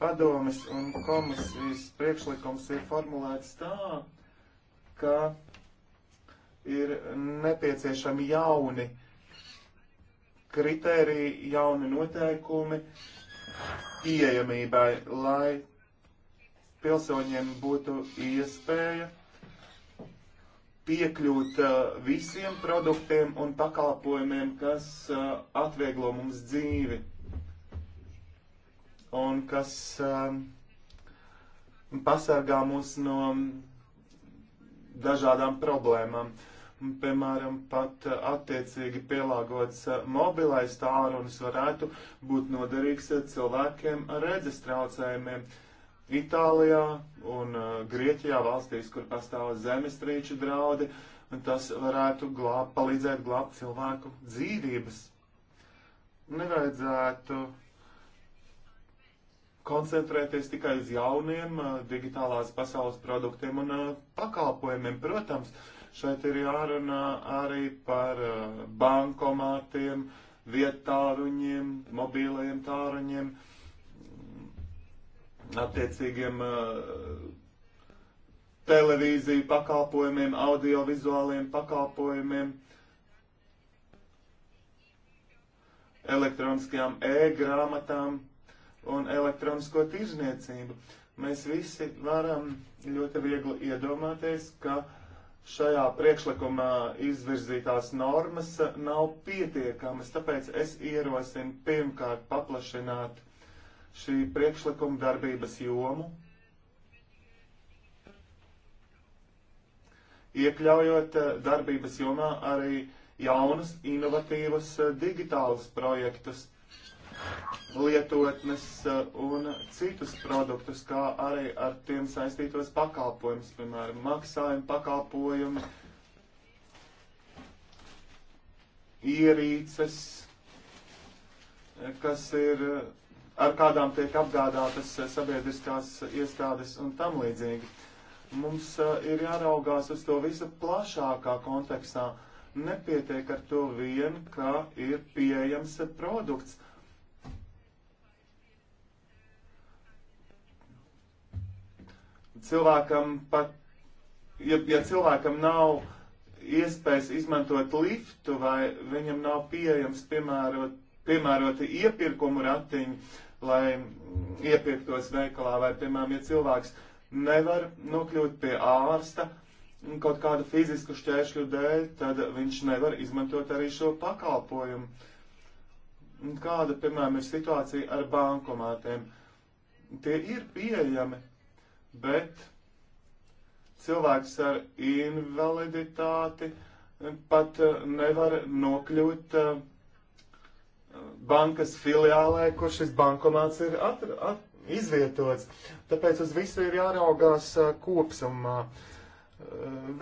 Padomes un komisijas priekšlikums ir formulēts tā, ka ir nepieciešami jauni kritēriji, jauni noteikumi pieejamībai, lai pilsoņiem būtu iespēja piekļūt uh, visiem produktiem un pakalpojumiem, kas uh, atvieglo mums dzīvi un kas um, pasargā mūs no dažādām problēmām. Piemēram, pat uh, attiecīgi pielāgots mobilais tālrunis varētu būt noderīgs cilvēkiem ar redzes traucējumiem. Uh, Itālijā un uh, Grieķijā valstīs, kur pastāv zemestrīču draudi, tas varētu glāb, palīdzēt glābt cilvēku dzīvības. Nevajadzētu koncentrēties tikai uz jauniem uh, digitālās pasaules produktiem un uh, pakalpojumiem. Protams, šeit ir jārunā arī par bankomātiem, vietāruņiem, mobīlajiem tāruņiem. Tāruņiem attiecīgiem uh, televīziju pakalpojumiem, audiovizuāliem pakalpojumiem, elektroniskajām e-grāmatām un elektronisko tirzniecību. Mēs visi varam ļoti viegli iedomāties, ka šajā priekšlikumā izvirzītās normas nav pietiekamas, tāpēc es ierosinu pirmkārt paplašināt šī priekšlikuma darbības jomu, iekļaujot eh, darbības jomā arī jaunas, inovatīvas eh, digitālas projektus, lietotnes eh, un citus produktus, kā arī ar tiem saistītos pakalpojumus, piemēram, maksājumu pakalpojumi, ierīces, kas ir ar kādām tiek apgādātas eh, sabiedriskās iestādes un tam līdzīgi. Mums eh, ir jāraugās uz to visu plašākā kontekstā. Nepietiek ar to vien, kā ir pieejams produkts. cilvēkam pat, ja, ja cilvēkam nav iespējas izmantot liftu vai viņam nav pieejams piemērot, piemēroti iepirkumu ratiņi, lai iepirktos veikalā, vai, piemēram, ja cilvēks nevar nokļūt pie ārsta kaut kādu fizisku šķēršļu dēļ, tad viņš nevar izmantot arī šo pakalpojumu. Kāda, piemēram, ir situācija ar bankomātiem? Tie ir pieejami, bet cilvēks ar invaliditāti pat nevar nokļūt uh, bankas filiālē, kur šis bankomāts ir at, at, izvietots. Tāpēc uz visu ir jāraugās kopsumā.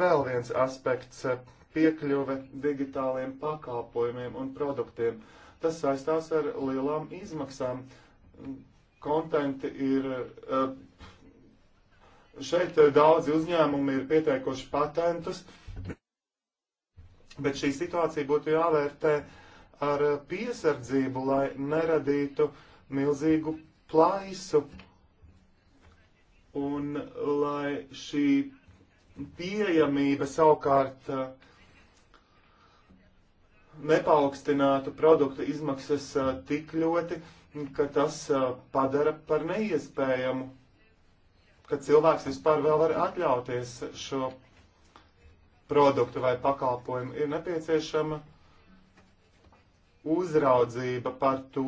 Vēl viens aspekts - piekļuve digitāliem pakalpojumiem un produktiem. Tas saistās ar lielām izmaksām. Kontenti ir. Šeit daudzi uzņēmumi ir pieteikuši patentus, bet šī situācija būtu jāvērtē uh, ar piesardzību, lai neradītu milzīgu plaisu un lai šī pieejamība savukārt uh, nepaukstinātu produktu izmaksas uh, tik ļoti, ka tas uh, padara par neiespējamu, ka cilvēks vispār vēl var atļauties šo produktu vai pakalpojumu. Ir nepieciešama uh, uzraudzība par to,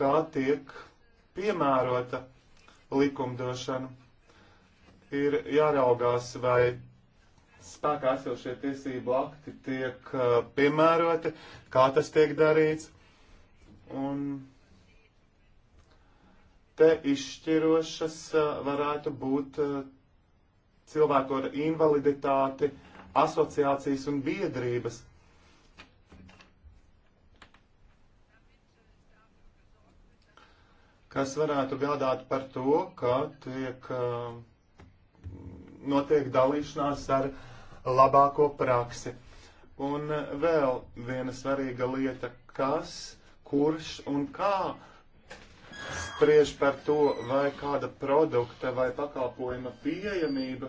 kā tiek piemērota likumdošana. Ir jāraugās, vai spēkā esošie tiesību akti tiek uh, piemēroti, kā tas tiek darīts. Un te izšķirošas uh, varētu būt uh, cilvēku ar invaliditāti asociācijas un biedrības kas varētu gādāt par to, ka tiek um, notiek dalīšanās ar labāko praksi. Un vēl viena svarīga lieta, kas, kurš un kā spriež par to, vai kāda produkta vai pakalpojuma pieejamība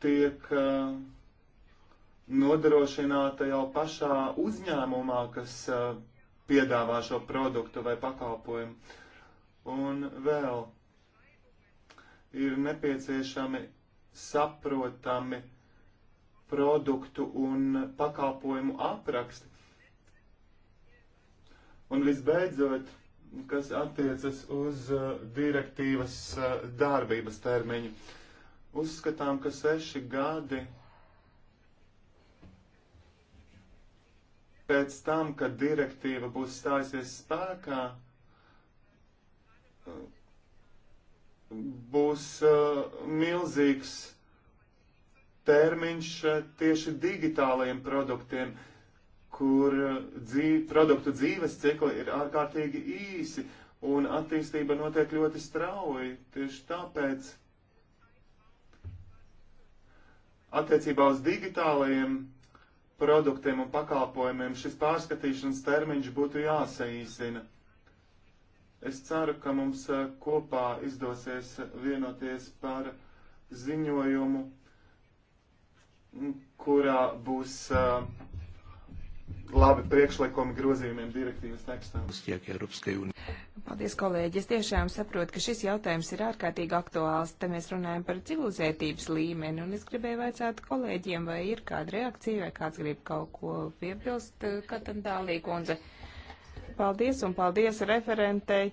tiek uh, nodrošināta jau pašā uzņēmumā, kas uh, piedāvā šo produktu vai pakalpojumu. Un vēl ir nepieciešami saprotami produktu un pakalpojumu apraksti. Un visbeidzot, kas attiecas uz uh, direktīvas uh, darbības termiņu, uzskatām, ka seši gadi pēc tam, kad direktīva būs stājusies spēkā, būs uh, milzīgs termiņš uh, tieši digitālajiem produktiem, kur uh, dzīv, produktu dzīves cikli ir ārkārtīgi īsi un attīstība notiek ļoti strauji. Tieši tāpēc attiecībā uz digitālajiem produktiem produktiem un pakalpojumiem šis pārskatīšanas termiņš būtu jāsaīsina. Es ceru, ka mums eh, kopā izdosies vienoties par ziņojumu, kurā būs uh, labi priekšlikumi grozījumiem direktīvas tekstam. Paldies, kolēģi. Es tiešām saprotu, ka šis jautājums ir ārkārtīgi aktuāls. Te mēs runājam par civilizētības līmeni, un es gribēju vaicāt kolēģiem, vai ir kāda reakcija, vai kāds grib kaut ko piebilst, eh, Katandālī kundze. Paldies, un paldies referentei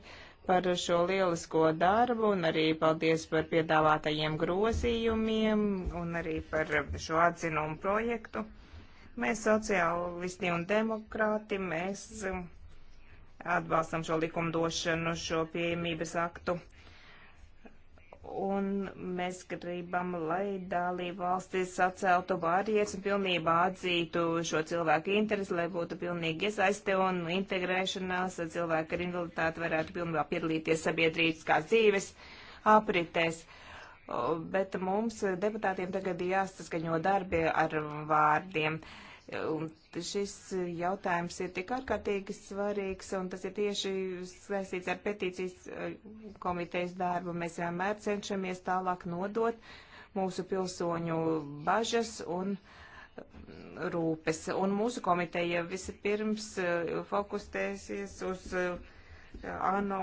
par šo lielisko darbu, un arī paldies par piedāvātajiem grozījumiem, un arī par šo atzinumu projektu. Mēs sociālisti un demokrāti, mēs um, atbalstam šo likumdošanu, šo pieejamības aktu. Un mēs gribam, lai dalība valstis saceltu barjeras un pilnībā atzītu šo cilvēku interesi, lai būtu pilnīgi iesaiste un integrēšanās, lai cilvēki ar invaliditāti varētu pilnībā piedalīties sabiedrītiskās dzīves apritēs. Bet mums deputātiem tagad jāsaskaņo darbi ar vārdiem. Uh, Un šis jautājums ir tik ārkārtīgi svarīgs, un tas ir tieši saistīts ar petīcijas eh, komitejas darbu. Mēs vienmēr cenšamies tālāk nodot mūsu pilsoņu bažas un eh, rūpes. Un mūsu komiteja vispirms eh, fokustēsies uz ANO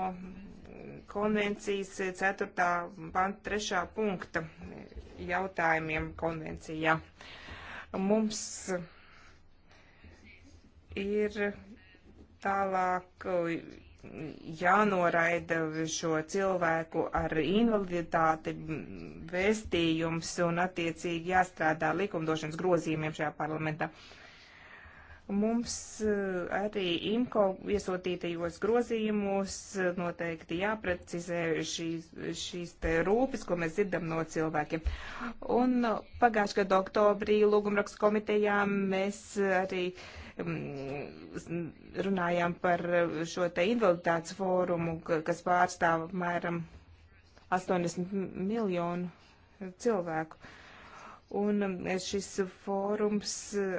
konvencijas 4. panta 3. punkta jautājumiem konvencijā. Mums uh, ir tālāk uh, jānoraida šo cilvēku ar invaliditāti vēstījums un attiecīgi jāstrādā likumdošanas grozījumiem šajā parlamentā. Mums uh, arī IMCO iesūtītajos grozījumos noteikti jāprecizē šīs, šīs te rūpes, ko mēs dzirdam no cilvēkiem. Un pagājušajā gada oktobrī lūgumrakstu komitejām mēs arī uh, Um, runājām par šo te invaliditātes fórumu, kas pārstāv apmēram 80 miljonu cilvēku. Un um, šis fórums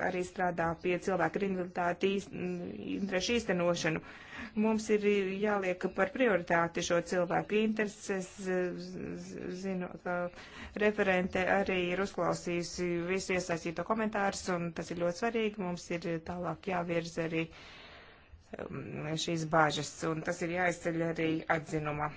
arī strādā pie cilvēku invaliditāti interešu īstenošanu. Uh, Mums ir jāliek par prioritāti šo cilvēku intereses. Zinu, ka referente arī ir uzklausījusi visu iesaistīto komentārus, un tas ir ļoti svarīgi. Mums ir tālāk jāvirz arī um, šīs bāžas, un tas ir jāizceļ arī atzinumā.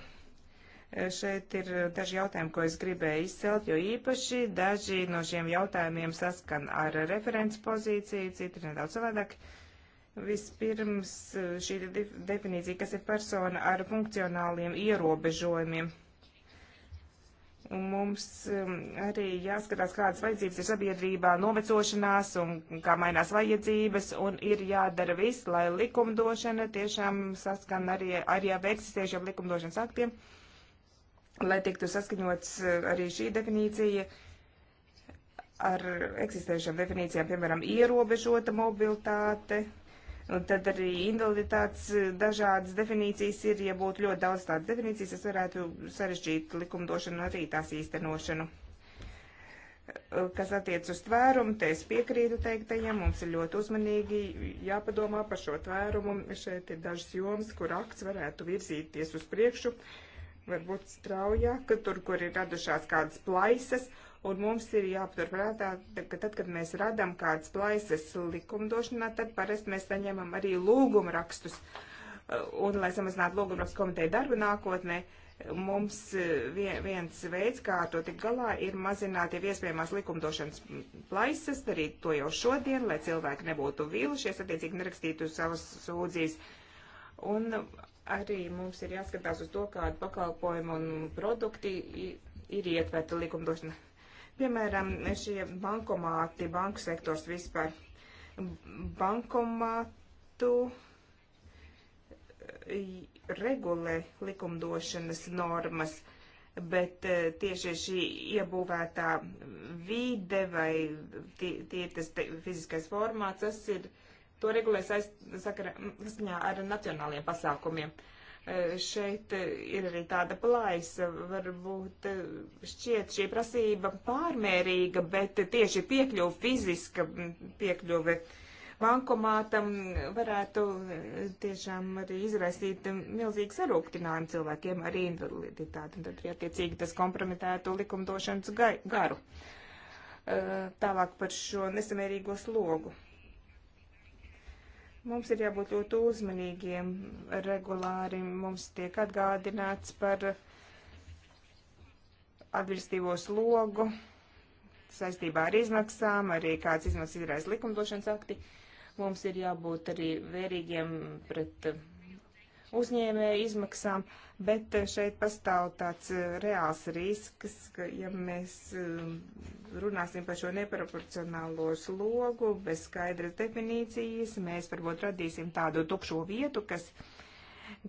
Šeit ir daži jautājumi, ko es gribēju izcelt, jo īpaši daži no šiem jautājumiem saskan ar referents pozīciju, citi nedaudz savādāk. Uh, Vispirms eh, šī definīcija, kas ir persona ar funkcionāliem ierobežojumiem. Un mums eh, arī jāskatās, kādas vajadzības ir sabiedrībā novecošanās un kā mainās vajadzības, un ir jādara viss, lai likumdošana tiešām saskan arī ar jau eksistējušiem likumdošanas aktiem, lai tiktu saskaņots eh, arī šī definīcija ar eksistējušām definīcijām, piemēram, ierobežota mobilitāte, Un tad arī invaliditātes eh, dažādas definīcijas ir, ja būtu ļoti daudz tādas definīcijas, es varētu sarežģīt likumdošanu arī tās īstenošanu. Eh, kas attiec uz tvērumu, te es piekrītu teiktajiem, mums ir ļoti uzmanīgi jāpadomā par šo tvērumu. Šeit ir dažas jomas, kur akts varētu virzīties uz priekšu, varbūt straujāk, tur, kur ir radušās kādas plaisas, uh, Un mums ir jāpatur prātā, ka tad, kad mēs radām kādas plaisas likumdošanā, tad parasti mēs saņemam arī lūgumu rakstus. Uh, un, lai samazinātu lūgumu rakstu komiteju darbu nākotnē, mums uh, viens veids, kā to tik galā, ir mazināt jau iespējamās likumdošanas plaisas, darīt to jau šodien, lai cilvēki nebūtu vīlušies, attiecīgi nerakstītu savas sūdzības. Un arī mums ir jāskatās uz to, kādu pakalpojumu un produkti ir ietverta likumdošana. Piemēram, šie bankomāti, banku sektors vispār. Bankomātu e, regulē likumdošanas normas, bet e, tieši šī iebūvētā vide vai tie tas fiziskais formāts, tas ir, to regulē saistā ar nacionāliem pasākumiem. Uh, šeit eh, ir arī tāda plaisa. Varbūt eh, šķiet šī prasība pārmērīga, bet tieši piekļuva fiziska piekļuve bankomātam varētu eh, tiešām arī izraisīt milzīgu sarūktinājumu cilvēkiem ar invaliditāti, un tad arī attiecīgi tas kompromitētu likumdošanas garu. Tālāk par šo nesamērīgo slogu Mums ir jābūt ļoti uzmanīgiem regulāri. Mums tiek atgādināts par atbrīstīvo slogu saistībā ar izmaksām, arī kāds izmaksas izraisa likumdošanas akti. Mums ir jābūt arī vērīgiem pret uzņēmēju izmaksām, bet eh, šeit pastāv tāds eh, reāls risks, ka ja mēs eh, runāsim par šo neproporcionālo slogu bez skaidras definīcijas, mēs varbūt radīsim tādu tukšo vietu, kas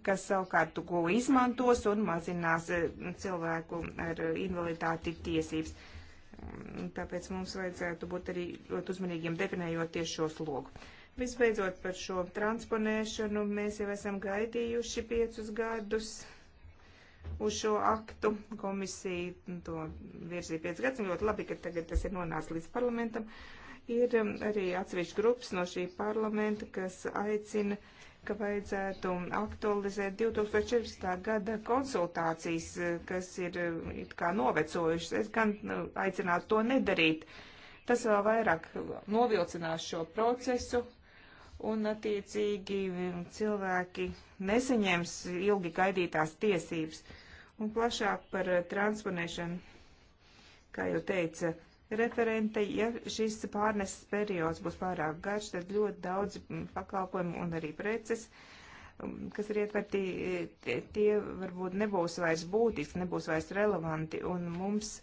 kas savukārt to izmantos un mazinās cilvēku ar invaliditāti tiesības. Mm, tāpēc mums vajadzētu būt arī ļoti uzmanīgiem definējot tieši šo slogu. Visbeidzot par šo transponēšanu mēs jau esam gaidījuši piecus gadus uz šo aktu. Komisija to virzīja piecus gadus, un ļoti labi, ka tagad tas ir nonācis līdz parlamentam. Ir um, arī atsevišķi grupas no šī parlamenta, kas aicina, ka vajadzētu aktualizēt 2014. gada konsultācijas, eh, kas ir eh, it kā novecojušas. Es gan nu, aicinātu to nedarīt. Tas vēl vairāk novilcinās šo procesu, un attiecīgi cilvēki nesaņems ilgi gaidītās tiesības. Un plašāk par eh, transponēšanu, kā jau teica referente, ja šis pārneses periods būs pārāk garš, tad ļoti daudz mm, pakalpojumu un arī preces, mm, kas ir ietverti, eh, tie varbūt nebūs vairs būtiski, nebūs vairs relevanti, un mums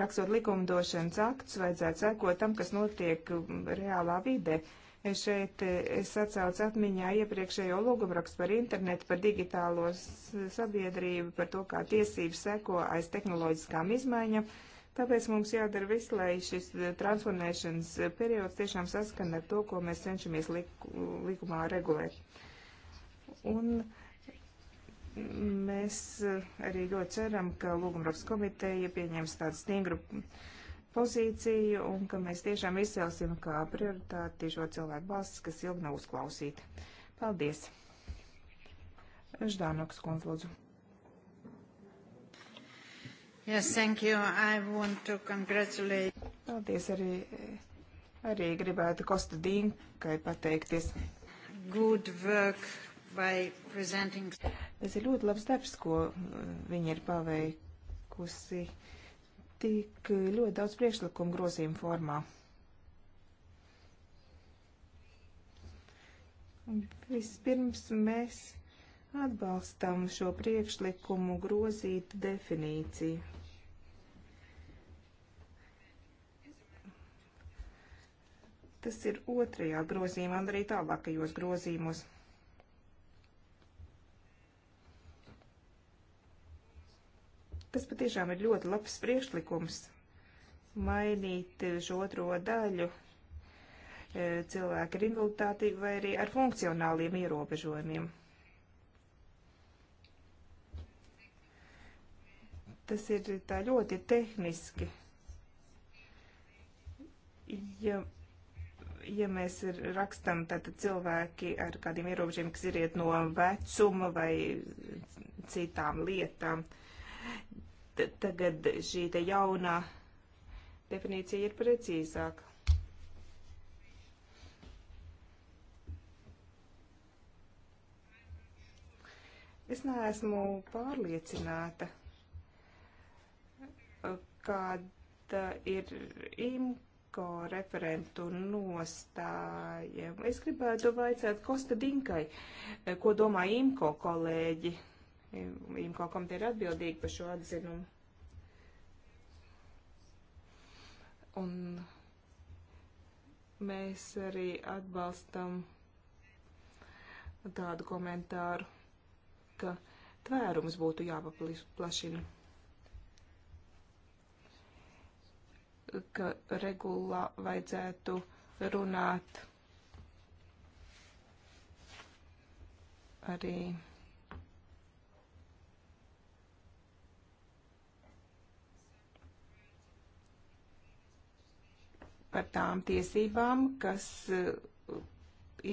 rakstot likumdošanas aktus, vajadzētu sekot tam, kas notiek mm, reālā vidē. Uh, Šeit eh, es atsaucu atmiņā iepriekšējo lūgumrakstu par internetu, par digitālo sabiedrību, par to, kā tiesības seko aiz tehnoloģiskām izmaiņām. Tāpēc mums jādara viss, lai šis eh, transformēšanas eh, periods tiešām saskan ar to, ko mēs cenšamies lik likumā regulēt. Un mēs arī ļoti ceram, ka Lūgumraks komiteja pieņems tādu stingru pozīciju un ka mēs tiešām izcelsim kā prioritāti šo cilvēku balsis, kas ilgi nav uzklausīta. Paldies! Ždānoks kundz, lūdzu. Yes, thank you. I want to congratulate. Paldies arī, arī gribētu Kosta Dīnkai pateikties. Good work by presenting. Tas ir ļoti labs darbs, ko uh, viņi ir paveikusi. Uh, patīk ļoti daudz priekšlikumu grozījumu formā. Vispirms mēs atbalstam šo priekšlikumu grozīt definīciju. Tas ir otrajā grozījumā un arī tālākajos grozījumos. Tas patiešām ir ļoti labs priekšlikums mainīt eh, šo otro daļu eh, cilvēku ar invaliditāti vai arī ar funkcionāliem ierobežojumiem. Tas ir tā ļoti tehniski. Ja, ja mēs rakstam tātad cilvēki ar kādiem ierobežiem, kas iriet no vecuma vai citām lietām, uh, tagad šī te jaunā definīcija ir precīzāka. Es neesmu pārliecināta, kāda ir imko referentu nostāja. Es gribētu vaicāt Kosta Dinkai, ko domā imko kolēģi IMCO komiteja ir atbildīga par šo atzinumu. Un mēs arī atbalstam tādu komentāru, ka tvērums būtu jāpaplašina. Ka regulā vajadzētu runāt arī par tām tiesībām, kas eh,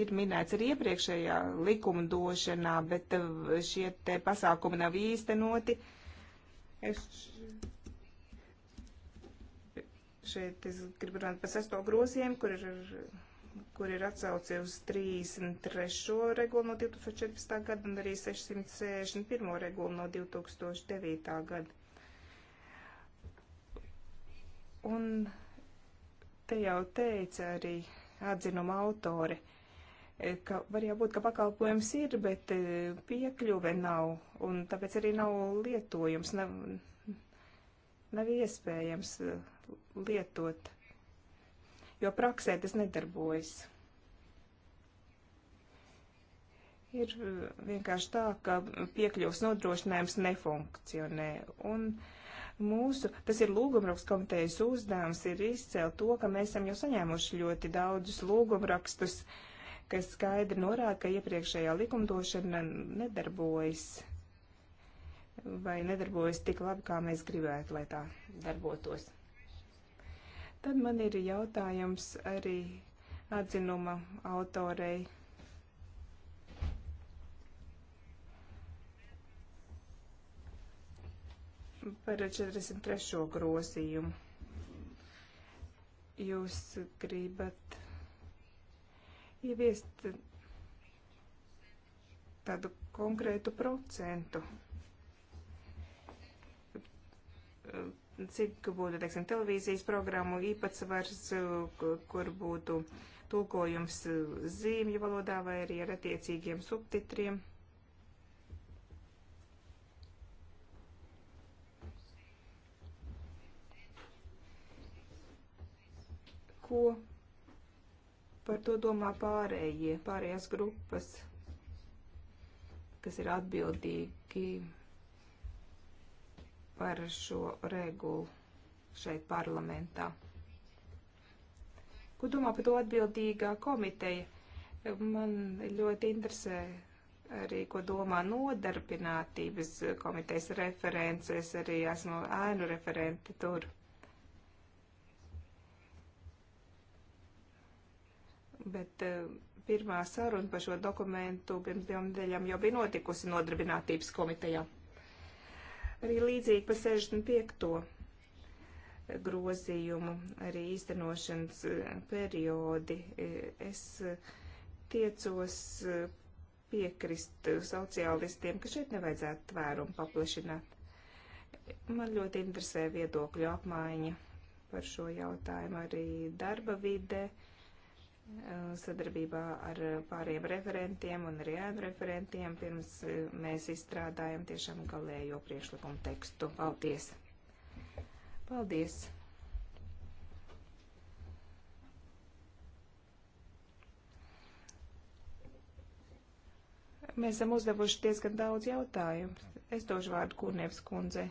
ir minēts arī iepriekšējā likumdošanā, bet eh, šie te pasākumi nav īstenoti. Es šeit es gribu runāt par sesto grozījumu, kur ir, kur ir atsauci uz 33. regulu no 2014. gada un arī 661. regulu no 2009. gada. Un Te jau teica arī atzinuma autori, e, ka var jau būt, ka pakalpojums ir, bet e, piekļuve nav, un tāpēc arī nav lietojums, nav, nav iespējams e, lietot, jo praksē tas nedarbojas. Ir vienkārši tā, ka piekļuvs nodrošinājums nefunkcionē, un uh, Mūsu, tas ir lūgumrakstu komitejas uzdevums, ir izcelt to, ka mēs esam jau saņēmuši ļoti daudzus lūgumrakstus, kas skaidri norāda, ka iepriekšējā likumdošana nedarbojas vai nedarbojas tik labi, kā mēs gribētu, lai tā darbotos. Tad man ir jautājums arī atzinuma autorei par 43. grozījumu. Jūs gribat ieviest tādu konkrētu procentu, cik būtu, teiksim, televīzijas programmu īpatsvars, kur būtu tulkojums zīmju valodā vai arī ar attiecīgiem subtitriem. ko par to domā pārējie, pārējās grupas, kas ir atbildīgi par šo regulu šeit parlamentā. Ko domā par to atbildīgā komiteja? Man ļoti interesē arī, ko domā nodarbinātības komitejas references, arī esmu ēnu referenti tur. bet eh, pirmā saruna par šo dokumentu pirms divām nedēļām jau bija notikusi nodarbinātības komitejā. Arī līdzīgi par 65. grozījumu, arī īstenošanas eh, periodi, eh, es tiecos piekrist sociālistiem, ka šeit nevajadzētu tvērumu paplašināt. Man ļoti interesē viedokļu apmaiņa par šo jautājumu arī darba vidē Eh, sadarbībā ar pāriem referentiem un arī ēnu referentiem, pirms eh, mēs izstrādājam tiešām galējo priekšlikumu tekstu. Paldies! Paldies! Mēs esam uzdevuši diezgan daudz jautājumu. Es došu vārdu Kūrnievs kundze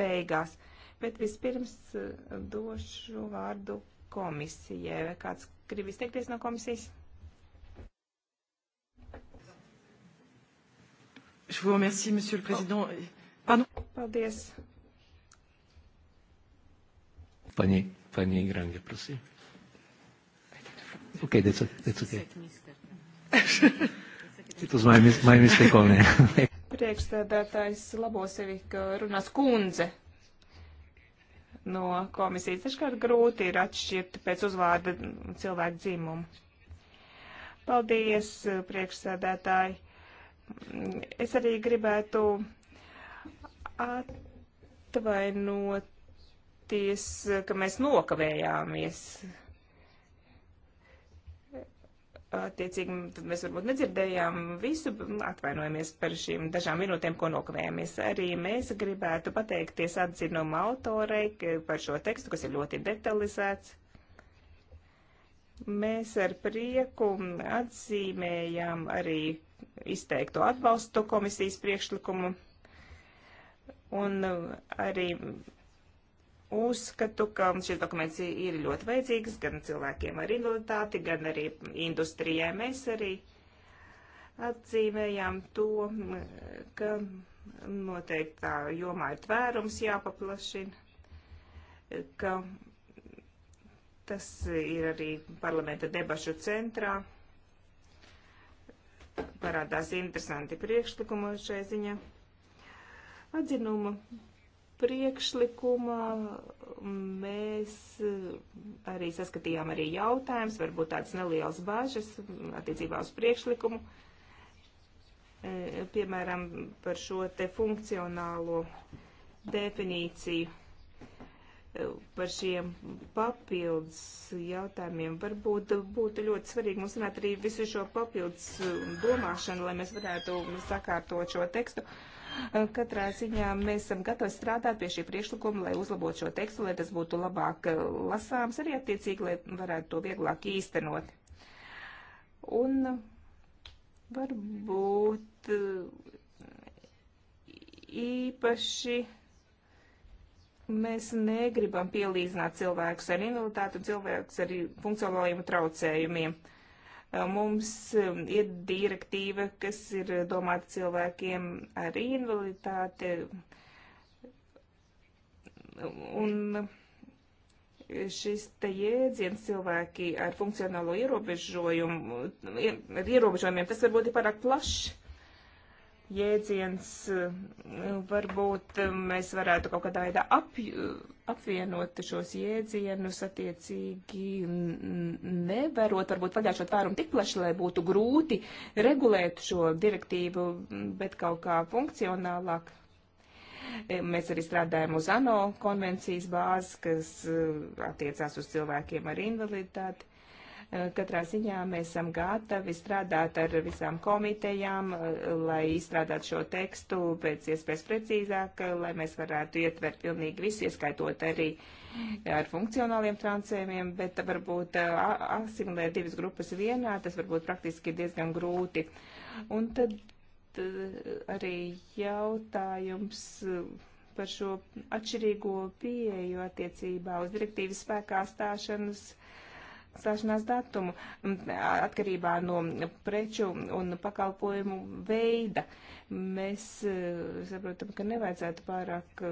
beigās, bet vispirms eh, došu vārdu komisijai. Vai kāds grib izteikties no komisijas? Je vous remercie, Monsieur le Président. Pardon. Paldies. Paní, paní Grange, prosím. Okay, that's, that's okay. It was my, my mistake only. Priekšstādātājs labo sevi, ka runās kundze no komisijas. Dažkārt grūti ir atšķirt pēc uzvārda cilvēku dzimumu. Paldies, priekšsēdētāji. Es arī gribētu atvainoties, ka mēs nokavējāmies Attiecīgi, tad mēs varbūt nedzirdējām visu, atvainojamies par šīm dažām minūtēm, ko nokavējamies. Arī mēs gribētu pateikties atzinuma autorei par šo tekstu, kas ir ļoti detalizēts. Mēs ar prieku atzīmējām arī izteikto atbalstu komisijas priekšlikumu un arī Uzskatu, ka šis dokuments ir ļoti vajadzīgs gan cilvēkiem ar invaliditāti, gan arī industrijai. Mēs arī atzīmējām to, ka noteiktā jomā ir tvērums jāpaplašina, ka tas ir arī parlamenta debašu centrā. Parādās interesanti priekšlikumi šai ziņā. Atzinuma priekšlikumā mēs eh, arī saskatījām arī jautājums, varbūt tāds neliels bažas attiecībā uz priekšlikumu, eh, piemēram, par šo te funkcionālo definīciju, eh, par šiem papildus jautājumiem. Varbūt būtu ļoti svarīgi mums runāt arī visu šo papildus domāšanu, lai mēs varētu sakārtot šo tekstu. Uh, Katrā ziņā mēs esam gatavi strādāt pie šī priekšlikuma, lai uzlabotu šo tekstu, lai tas būtu labāk eh, lasāms, arī attiecīgi, lai varētu to vieglāk īstenot. Un varbūt eh, īpaši mēs negribam pielīdzināt cilvēkus ar invaliditāti un cilvēkus ar funkcionālajiem traucējumiem. Uh, Mums ir direktīva, kas ir domāta cilvēkiem ar invaliditāti, un šis te jēdziens cilvēki ar funkcionālo ierobežojumu, ar ierobežojumiem, tas varbūt ir pārāk plašs jēdziens. Varbūt mēs varētu kaut kādā veidā apj apvienot šos jēdzienus attiecīgi nevarot, varbūt pagājušo tvērumu tik plaši, lai būtu grūti regulēt šo direktīvu, bet kaut kā funkcionālāk. E, mēs arī strādājam uz ANO konvencijas bāzes, kas e, attiecās uz cilvēkiem ar invaliditāti. Eh, katrā ziņā mēs esam gatavi strādāt ar visām komitejām, eh, lai izstrādātu šo tekstu pēc iespējas precīzāk, eh, lai mēs varētu ietvert pilnīgi visu, ieskaitot arī ar funkcionāliem transēmiem, bet varbūt asimilēt divas grupas vienā, tas varbūt praktiski ir diezgan grūti. Un tad arī jautājums par šo atšķirīgo pieeju attiecībā uz direktīvas spēkā stāšanas stāšanās datumu atkarībā no preču un pakalpojumu veida. Mēs e, saprotam, ka nevajadzētu pārāk e,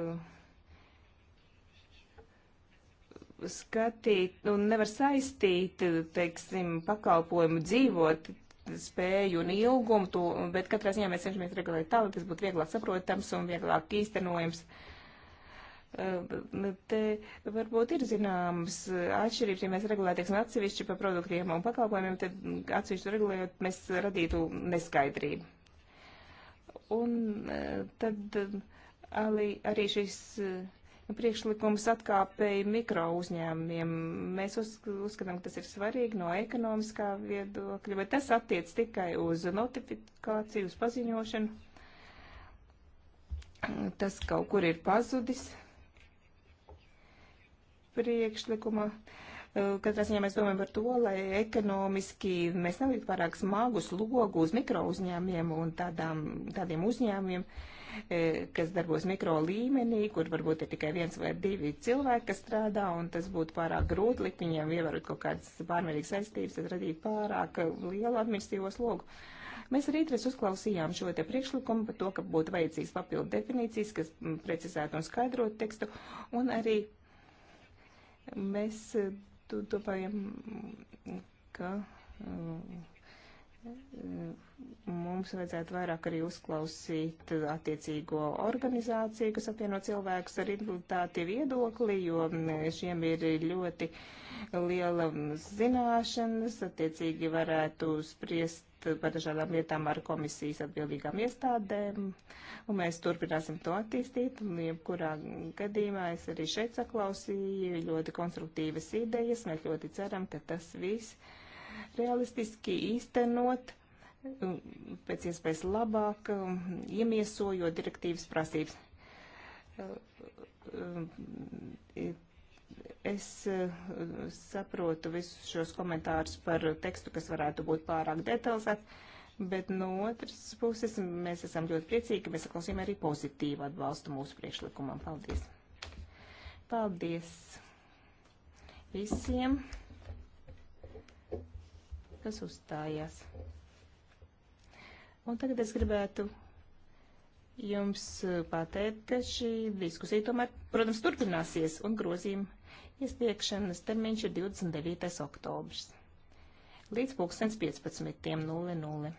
skatīt un nu, nevar saistīt, teiksim, pakalpojumu dzīvot spēju un ilgumu, to, bet katrā ziņā mēs cenšamies regulēt tā, lai tas būtu vieglāk saprotams un vieglāk īstenojams. Uh, Ehm, te varbūt ir zināmas eh, atšķirības, ja mēs regulētu teiksim, atsevišķi par produktiem un pakalpojumiem, tad atsevišķi regulējot mēs radītu neskaidrību. Un eh, tad ehm, arī šis eh, priekšlikums atkāpēja mikro uzņēmumiem. Mēs uzskatām, ka tas ir svarīgi no ekonomiskā viedokļa, bet tas attiec tikai uz notifikāciju, uz paziņošanu. Tas kaut kur ir pazudis priekšlikuma. Eh, katrā ziņā mēs domājam par to, lai ekonomiski mēs neliktu pārāk smagu slogu uz mikro uzņēmiem un tādām, tādiem uzņēmiem, eh, kas darbos mikro līmenī, kur varbūt ir tikai viens vai divi cilvēki, kas strādā, un tas būtu pārāk grūti likt viņiem ievērot kaut kādas pārmērīgas saistības, tad radīt pārāk lielu administrīvo slogu. Mēs arī trīs uzklausījām šo te priekšlikumu par to, ka būtu vajadzīgs papildu definīcijas, kas precizētu un skaidrotu tekstu, un arī Mēs domājam, eh, ka eh, mums vajadzētu vairāk arī uzklausīt attiecīgo organizāciju, kas apvieno cilvēkus ar invaliditāti viedokli, jo šiem ir ļoti liela zināšanas, attiecīgi varētu spriest par dažādām lietām ar komisijas atbildīgām iestādēm, un mēs turpināsim to attīstīt, un jebkurā gadījumā es arī šeit saklausīju ļoti konstruktīvas idejas, mēs ļoti ceram, ka tas viss realistiski īstenot pēc iespējas labāk, um, iemiesojot direktīvas prasības. Uh, um, es uh, saprotu visus šos komentārus par tekstu, kas varētu būt pārāk detalizēts, bet no otras puses mēs esam ļoti priecīgi, ka mēs saklausījām arī pozitīvu atbalstu mūsu priekšlikumam. Paldies! Paldies visiem! kas uzstājās. Un tagad es gribētu jums eh, pateikt, ka šī diskusija tomēr, protams, turpināsies un grozījuma iesniegšanas termiņš ir 29. oktobrs līdz 15.00.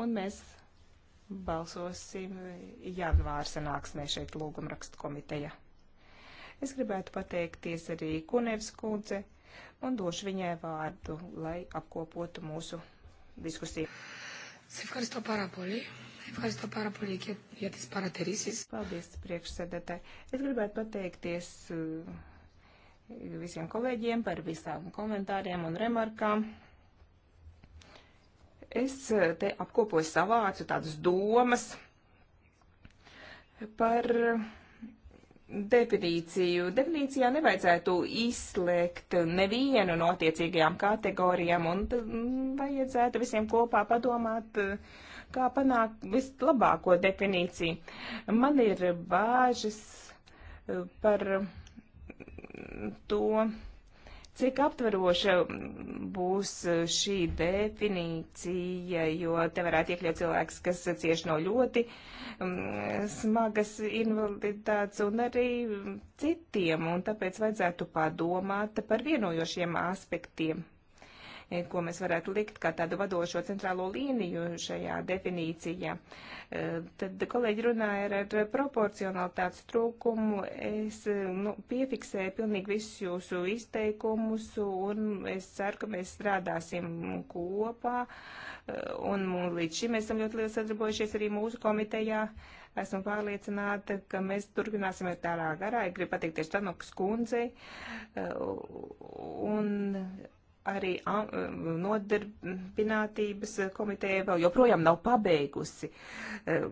Un mēs balsosim janvāra sanāksmē šeit lūgumrakstu komiteja. Es gribētu pateikties arī Kunevs kundze un došu viņai vārdu, lai apkopotu mūsu diskusiju. E Paldies, priekšsēdētāji. Es gribētu pateikties uh, visiem kolēģiem par visām komentāriem un remarkām. Es uh, te apkopoju savācu tādas domas par uh, definīciju. Definīcijā nevajadzētu izslēgt nevienu no attiecīgajām kategorijām un mm, vajadzētu visiem kopā padomāt, eh, kā panākt vislabāko definīciju. Man ir bāžas eh, par to, Cik aptveroša mm, būs e, šī definīcija, jo te varētu iekļaut cilvēks, kas cieši no ļoti mm, smagas invaliditātes un arī citiem, un tāpēc vajadzētu padomāt par vienojošiem aspektiem. Eh, ko mēs varētu likt kā tādu vadošo centrālo līniju šajā definīcijā. Eh, tad kolēģi runāja ar, ar proporcionalitātes trūkumu. Es eh, nu, piefiksēju pilnīgi visus jūsu izteikumus un es ceru, ka mēs strādāsim kopā. Un līdz šim mēs esam ļoti liels sadarbojušies arī mūsu komitejā esmu pārliecināta, ka mēs turpināsim ar tādā garā. Es gribu pateikties Tanukas kundzei. Un arī eh, nodarbinātības komiteja vēl joprojām nav pabeigusi eh,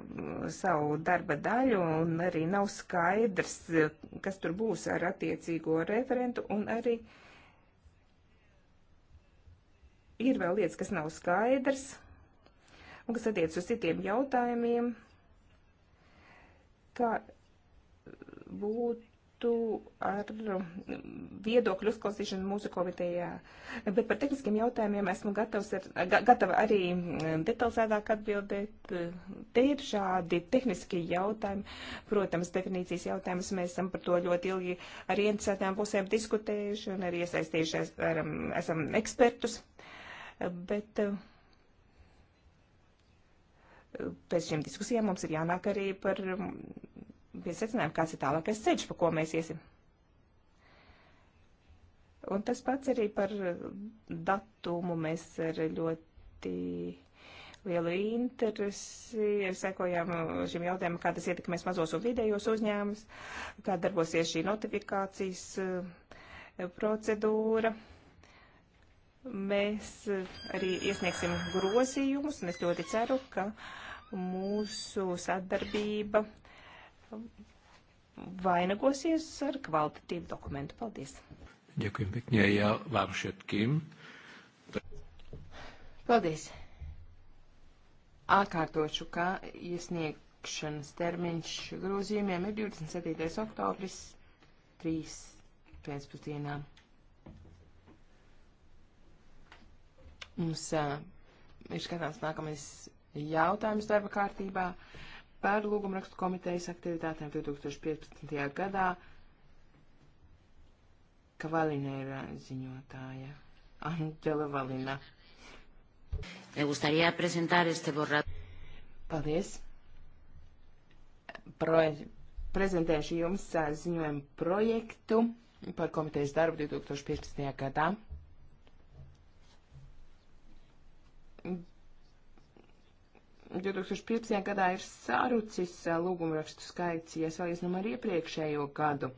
savu darba daļu un arī nav skaidrs, eh, kas tur būs ar attiecīgo referentu un arī ir vēl lietas, kas nav skaidrs un kas attiec uz citiem jautājumiem, kā būtu sāktu ar um, viedokļu uzklausīšanu mūsu komitejā. Bet par tehniskiem jautājumiem esmu gatavs ar, gatava arī um, detalizētāk atbildēt. Te ir šādi tehniski jautājumi. Protams, definīcijas jautājumus mēs esam par to ļoti ilgi ar interesētām pusēm diskutējuši un arī iesaistījušies, ar, um, esam ekspertus. Bet, pēc šiem diskusijām mums ir jānāk arī par pie secinājuma, kāds ir tālākais ceļš, pa ko mēs iesim. Un tas pats arī par datumu mēs ar ļoti lielu interesi sekojam šim jautājumam, kā tas ietekmēs mazos un vidējos uzņēmumus, kā darbosies šī notifikācijas eh, procedūra. Mēs eh, arī iesniegsim grozījumus, un es ļoti ceru, ka mūsu sadarbība uh, vainagosies ar kvalitatīvu dokumentu. Paldies! Ďakujem pekne ja vám všetkým. Paldies! Atkārtošu, ka iesniegšanas termiņš grozījumiem ir 27. oktobris 3. pēcpusdienā. Mums uh, ir skatāms nākamais jautājums darba kārtībā. Uh, par lūgumrakstu komitejas aktivitātēm 2015. gadā. Kavalina ir ziņotāja. Anģela Valina. Me gustaría presentar este borrador. Paldies. Pro, prezentēšu jums ziņojumu projektu par komitejas darbu 2015. gadā 2015. gadā ir sarucis eh, lūgumrakstu skaits, ja salīdzinām ar iepriekšējo gadu.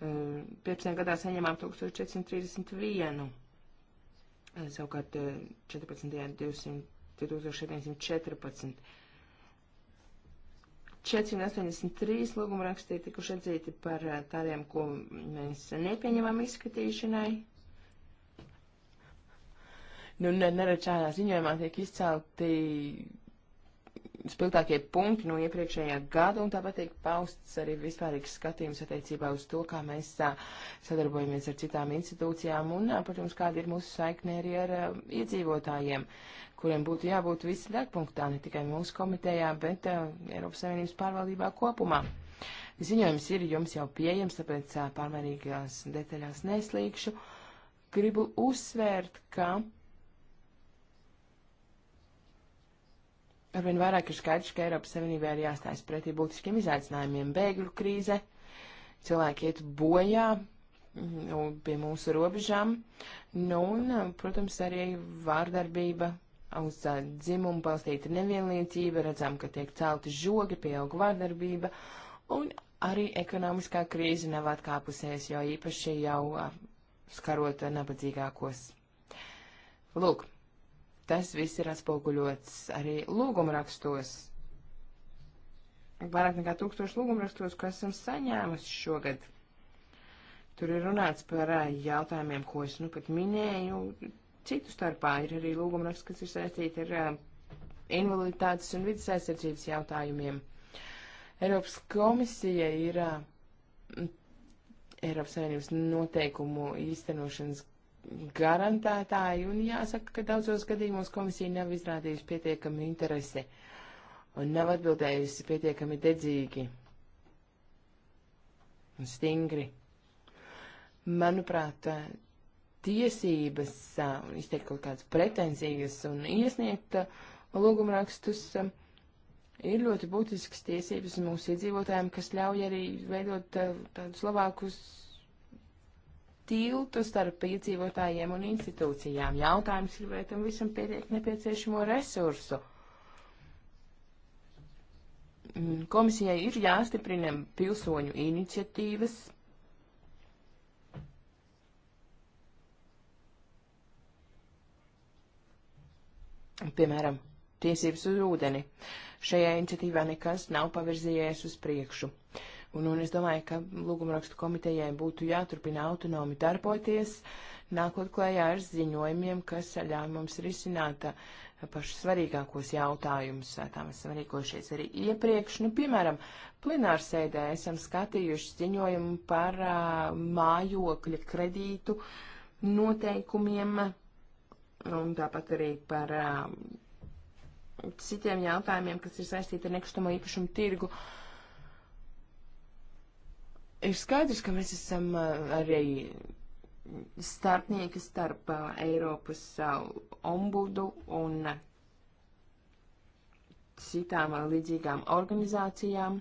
15. Eh, gadā saņēmām 1431, eh, savukārt 14. 200, 2714. 483 lūgumrakstī tikuši atzīti par tādiem, ko mēs nepieņemam izskatīšanai, nu, nerad šādā ziņojumā tiek izcelti spilgtākie punkti no iepriekšējā gada, un tāpat tiek pausts arī vispārīgs skatījums attiecībā uz to, kā mēs a, sadarbojamies ar citām institūcijām, un, a, protams, kāda ir mūsu saikne arī ar a, iedzīvotājiem, kuriem būtu jābūt visi degpunktā, ne tikai mūsu komitejā, bet Eiropas Savienības pārvaldībā kopumā. Ziņojums ir jums jau pieejams, tāpēc pārmērīgās detaļās neslīgšu. Gribu uzsvērt, ka Arvien vairāk ir skaidrs, ka Eiropas Savienībā ir jāstājas pretī būtiskiem izaicinājumiem - bēgļu krīze, cilvēki iet bojā nu, pie mūsu robežām, nu, un, protams, arī vārdarbība uz dzimumu balstīta nevienlīdzība, redzam, ka tiek celti žogi, pieaug vārdarbība, un arī ekonomiskā krīze nav atkāpusies, jo īpaši jau skarot nabadzīgākos. Lūk, Tas viss ir atspoguļots arī lūgumrakstos. Vairāk nekā tūkstoši lūgumrakstos, ko esam saņēmuši šogad. Tur ir runāts par jautājumiem, ko es nu pat minēju. Citu starpā ir arī lūgumraksts, kas ir saistīti ar invaliditātes un vidas aizsardzības jautājumiem. Eiropas komisija ir Eiropas Savienības noteikumu īstenošanas garantētāji, un jāsaka, ka daudzos gadījumos komisija nav izrādījusi pietiekami interesi un nav atbildējusi pietiekami dedzīgi un stingri. Manuprāt, tiesības un izteikt kaut kādas pretenzijas un iesniegt lūgumrakstus ir ļoti būtisks tiesības mūsu iedzīvotājiem, kas ļauj arī veidot tādus labākus tiltu starp iedzīvotājiem un institūcijām. Jautājums ir, vai tam visam pietiek nepieciešamo resursu. Mm, komisijai ir jāstiprina pilsoņu iniciatīvas. Piemēram, tiesības uz ūdeni. Šajā iniciatīvā nekas nav pavirzījies uz priekšu. Uh, Un, un es domāju, ka lūgumrakstu komitejai būtu jāturpina autonomi darboties, nākot klējā ar ziņojumiem, kas ļauj mums risināt uh, pašus svarīgākos jautājumus. Tā mēs esam rīkojušies arī iepriekš. Nu, piemēram, plenārsēdē esam skatījuši ziņojumu par uh, mājokļa kredītu noteikumiem, un tāpat arī par uh, citiem jautājumiem, kas ir saistīti ar nekustamo īpašumu tirgu. Uh, ir skaidrs, ka mēs esam uh, arī starpnieki starp uh, Eiropas uh, ombudu un citām līdzīgām organizācijām.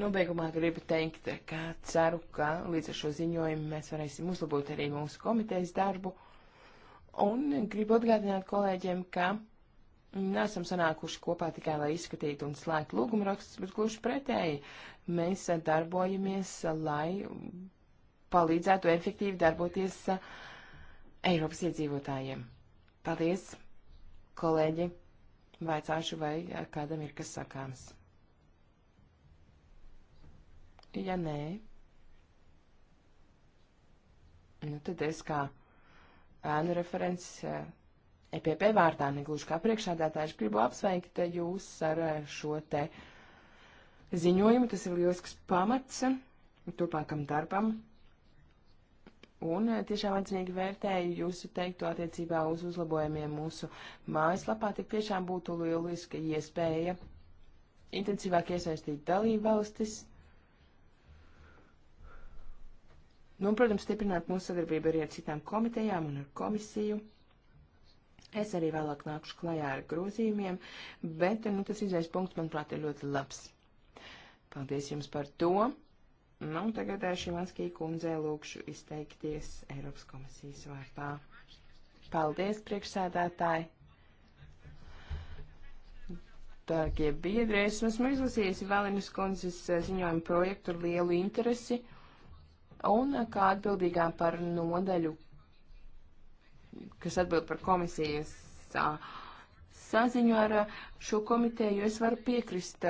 Nobeigumā gribu teikt, ka ceru, ka līdz ar šo ziņojumu mēs varēsim uzlabot arī mūsu komitejas darbu. Un gribu atgādināt kolēģiem, ka Nesam sanākuši kopā tikai, lai izskatītu un slēgtu lūgumrakstus, bet gluži pretēji. Mēs darbojamies, lai palīdzētu efektīvi darboties Eiropas iedzīvotājiem. Paldies, kolēģi! Vaicāšu, vai kādam ir kas sakāms. Ja nē, nu tad es kā ēnu referents EPP vārdā, negluži kā priekšādātājs, gribu apsveikt jūs ar eh, šo te ziņojumu. Tas ir lielisks pamats turpākam darbam. Un eh, tiešām atzinīgi vērtēju jūsu teikto attiecībā uz uzlabojumiem mūsu mājaslapā. Tik tiešām būtu lieliska iespēja intensīvāk iesaistīt dalību valstis. Nu, un, protams, stiprināt mūsu sadarbību arī ar citām komitejām un ar komisiju. Es arī vēlāk nākušu klajā ar grozījumiem, bet nu, tas izais punkts, manuprāt, ir ļoti labs. Paldies jums par to. Nu, tagad eh, Šimanskī kundzē lūkšu izteikties Eiropas komisijas vārdā. Paldies, priekšsēdētāji! Dārgie biedri, es esmu izlasījis Valinas kundzes eh, ziņojumu projektu ar lielu interesi un eh, kā atbildīgā par nodaļu kas atbild par komisijas saziņu ar šo komiteju, es varu piekrist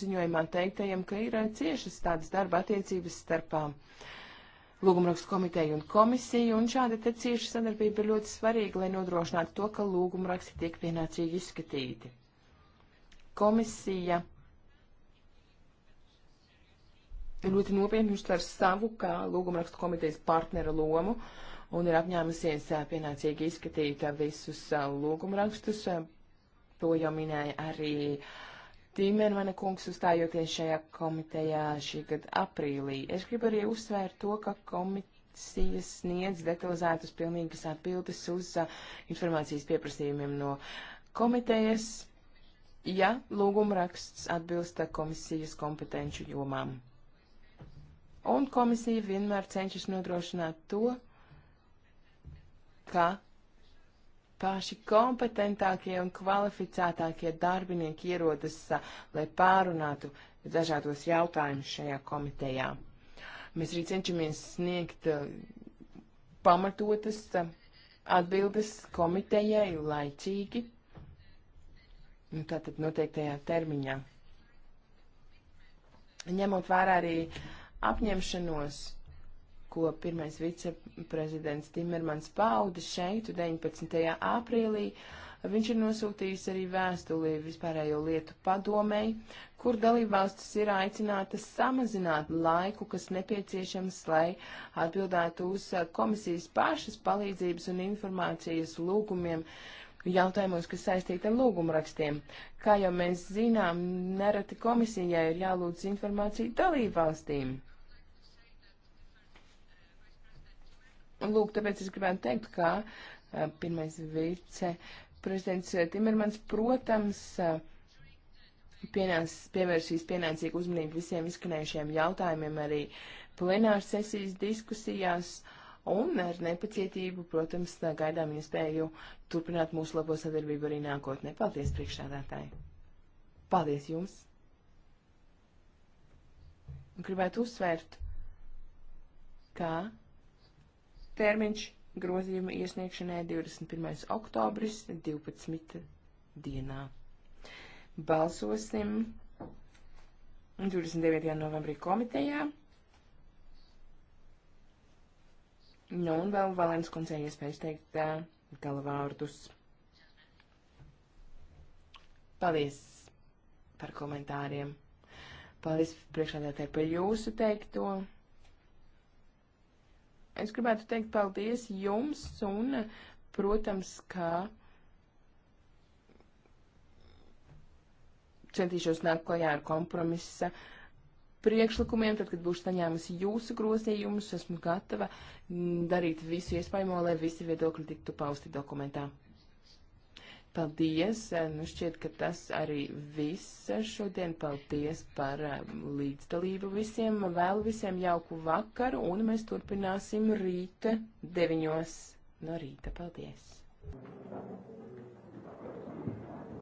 ziņojumā teiktajiem, ka ir ciešas tādas darba attiecības starpām. Lūgumrakstu komiteju un komisiju, un šāda te cieša sadarbība ir ļoti svarīga, lai nodrošinātu to, ka lūgumraksti tiek pienācīgi izskatīti. Komisija ļoti nopietni uztver savu kā lūgumrakstu komitejas partnera lomu un ir apņēmusies pienācīgi izskatīt visus lūgumrakstus. To jau minēja arī Timermana kungs uzstājoties šajā komitejā šī gada aprīlī. Es gribu arī uzsvērt to, ka komisija sniedz detalizētas pilnīgas atbildes uz uh, informācijas pieprasījumiem no komitejas, ja lūgumraksts atbilsta komisijas kompetenču jomām. Un komisija vienmēr cenšas nodrošināt to, ka paši kompetentākie un kvalificētākie darbinieki ierodas, lai pārunātu dažādos jautājumus šajā komitejā. Mēs arī cenšamies sniegt pamatotas atbildes komitejai laicīgi, nu, tātad noteiktajā termiņā. Ņemot vērā arī apņemšanos ko pirmais viceprezidents Timermans pauda šeit 19. aprīlī. Viņš ir nosūtījis arī vēstuli vispārējo lietu padomēji, kur dalībvalstis ir aicinātas samazināt laiku, kas nepieciešams, lai atbildētu uz komisijas pašas palīdzības un informācijas lūgumiem jautājumos, kas saistīti ar lūgumrakstiem. Kā jau mēs zinām, nereti komisijai ir jālūdz informācija dalībvalstīm. Lūk, tāpēc es gribētu teikt, ka eh, pirmais vice prezidents eh, Timermans, protams, eh, pienās, pievērsīs pienācīgu uzmanību visiem izskanējušiem jautājumiem arī plenāras sesijas diskusijās. Un ar nepacietību, protams, gaidām iespēju turpināt mūsu labo sadarbību arī nākotnē. Paldies, priekšsādātāji! Paldies jums! Un gribētu uzsvērt, ka Termiņš grozījuma iesniegšanai 21. oktobris 12. dienā. Balsosim 29. novembrī komitejā. Nu, un vēl Valēnas koncei iespējas teikt galvārdus. Paldies par komentāriem. Paldies priekšādātāji par jūsu teikto. Es gribētu teikt paldies jums un, protams, kā centīšos nākt klajā ar kompromisa priekšlikumiem, tad, kad būšu saņēmusi jūsu grozījumus, esmu gatava mm, darīt visu iespējamo, lai visi viedokļi tiktu pausti dokumentā. Paldies! Eh, nu šķiet, ka tas arī viss šodien. Paldies par eh, līdzdalību visiem. Vēlu visiem jauku vakaru un mēs turpināsim rīta deviņos no rīta. Paldies! Thank you.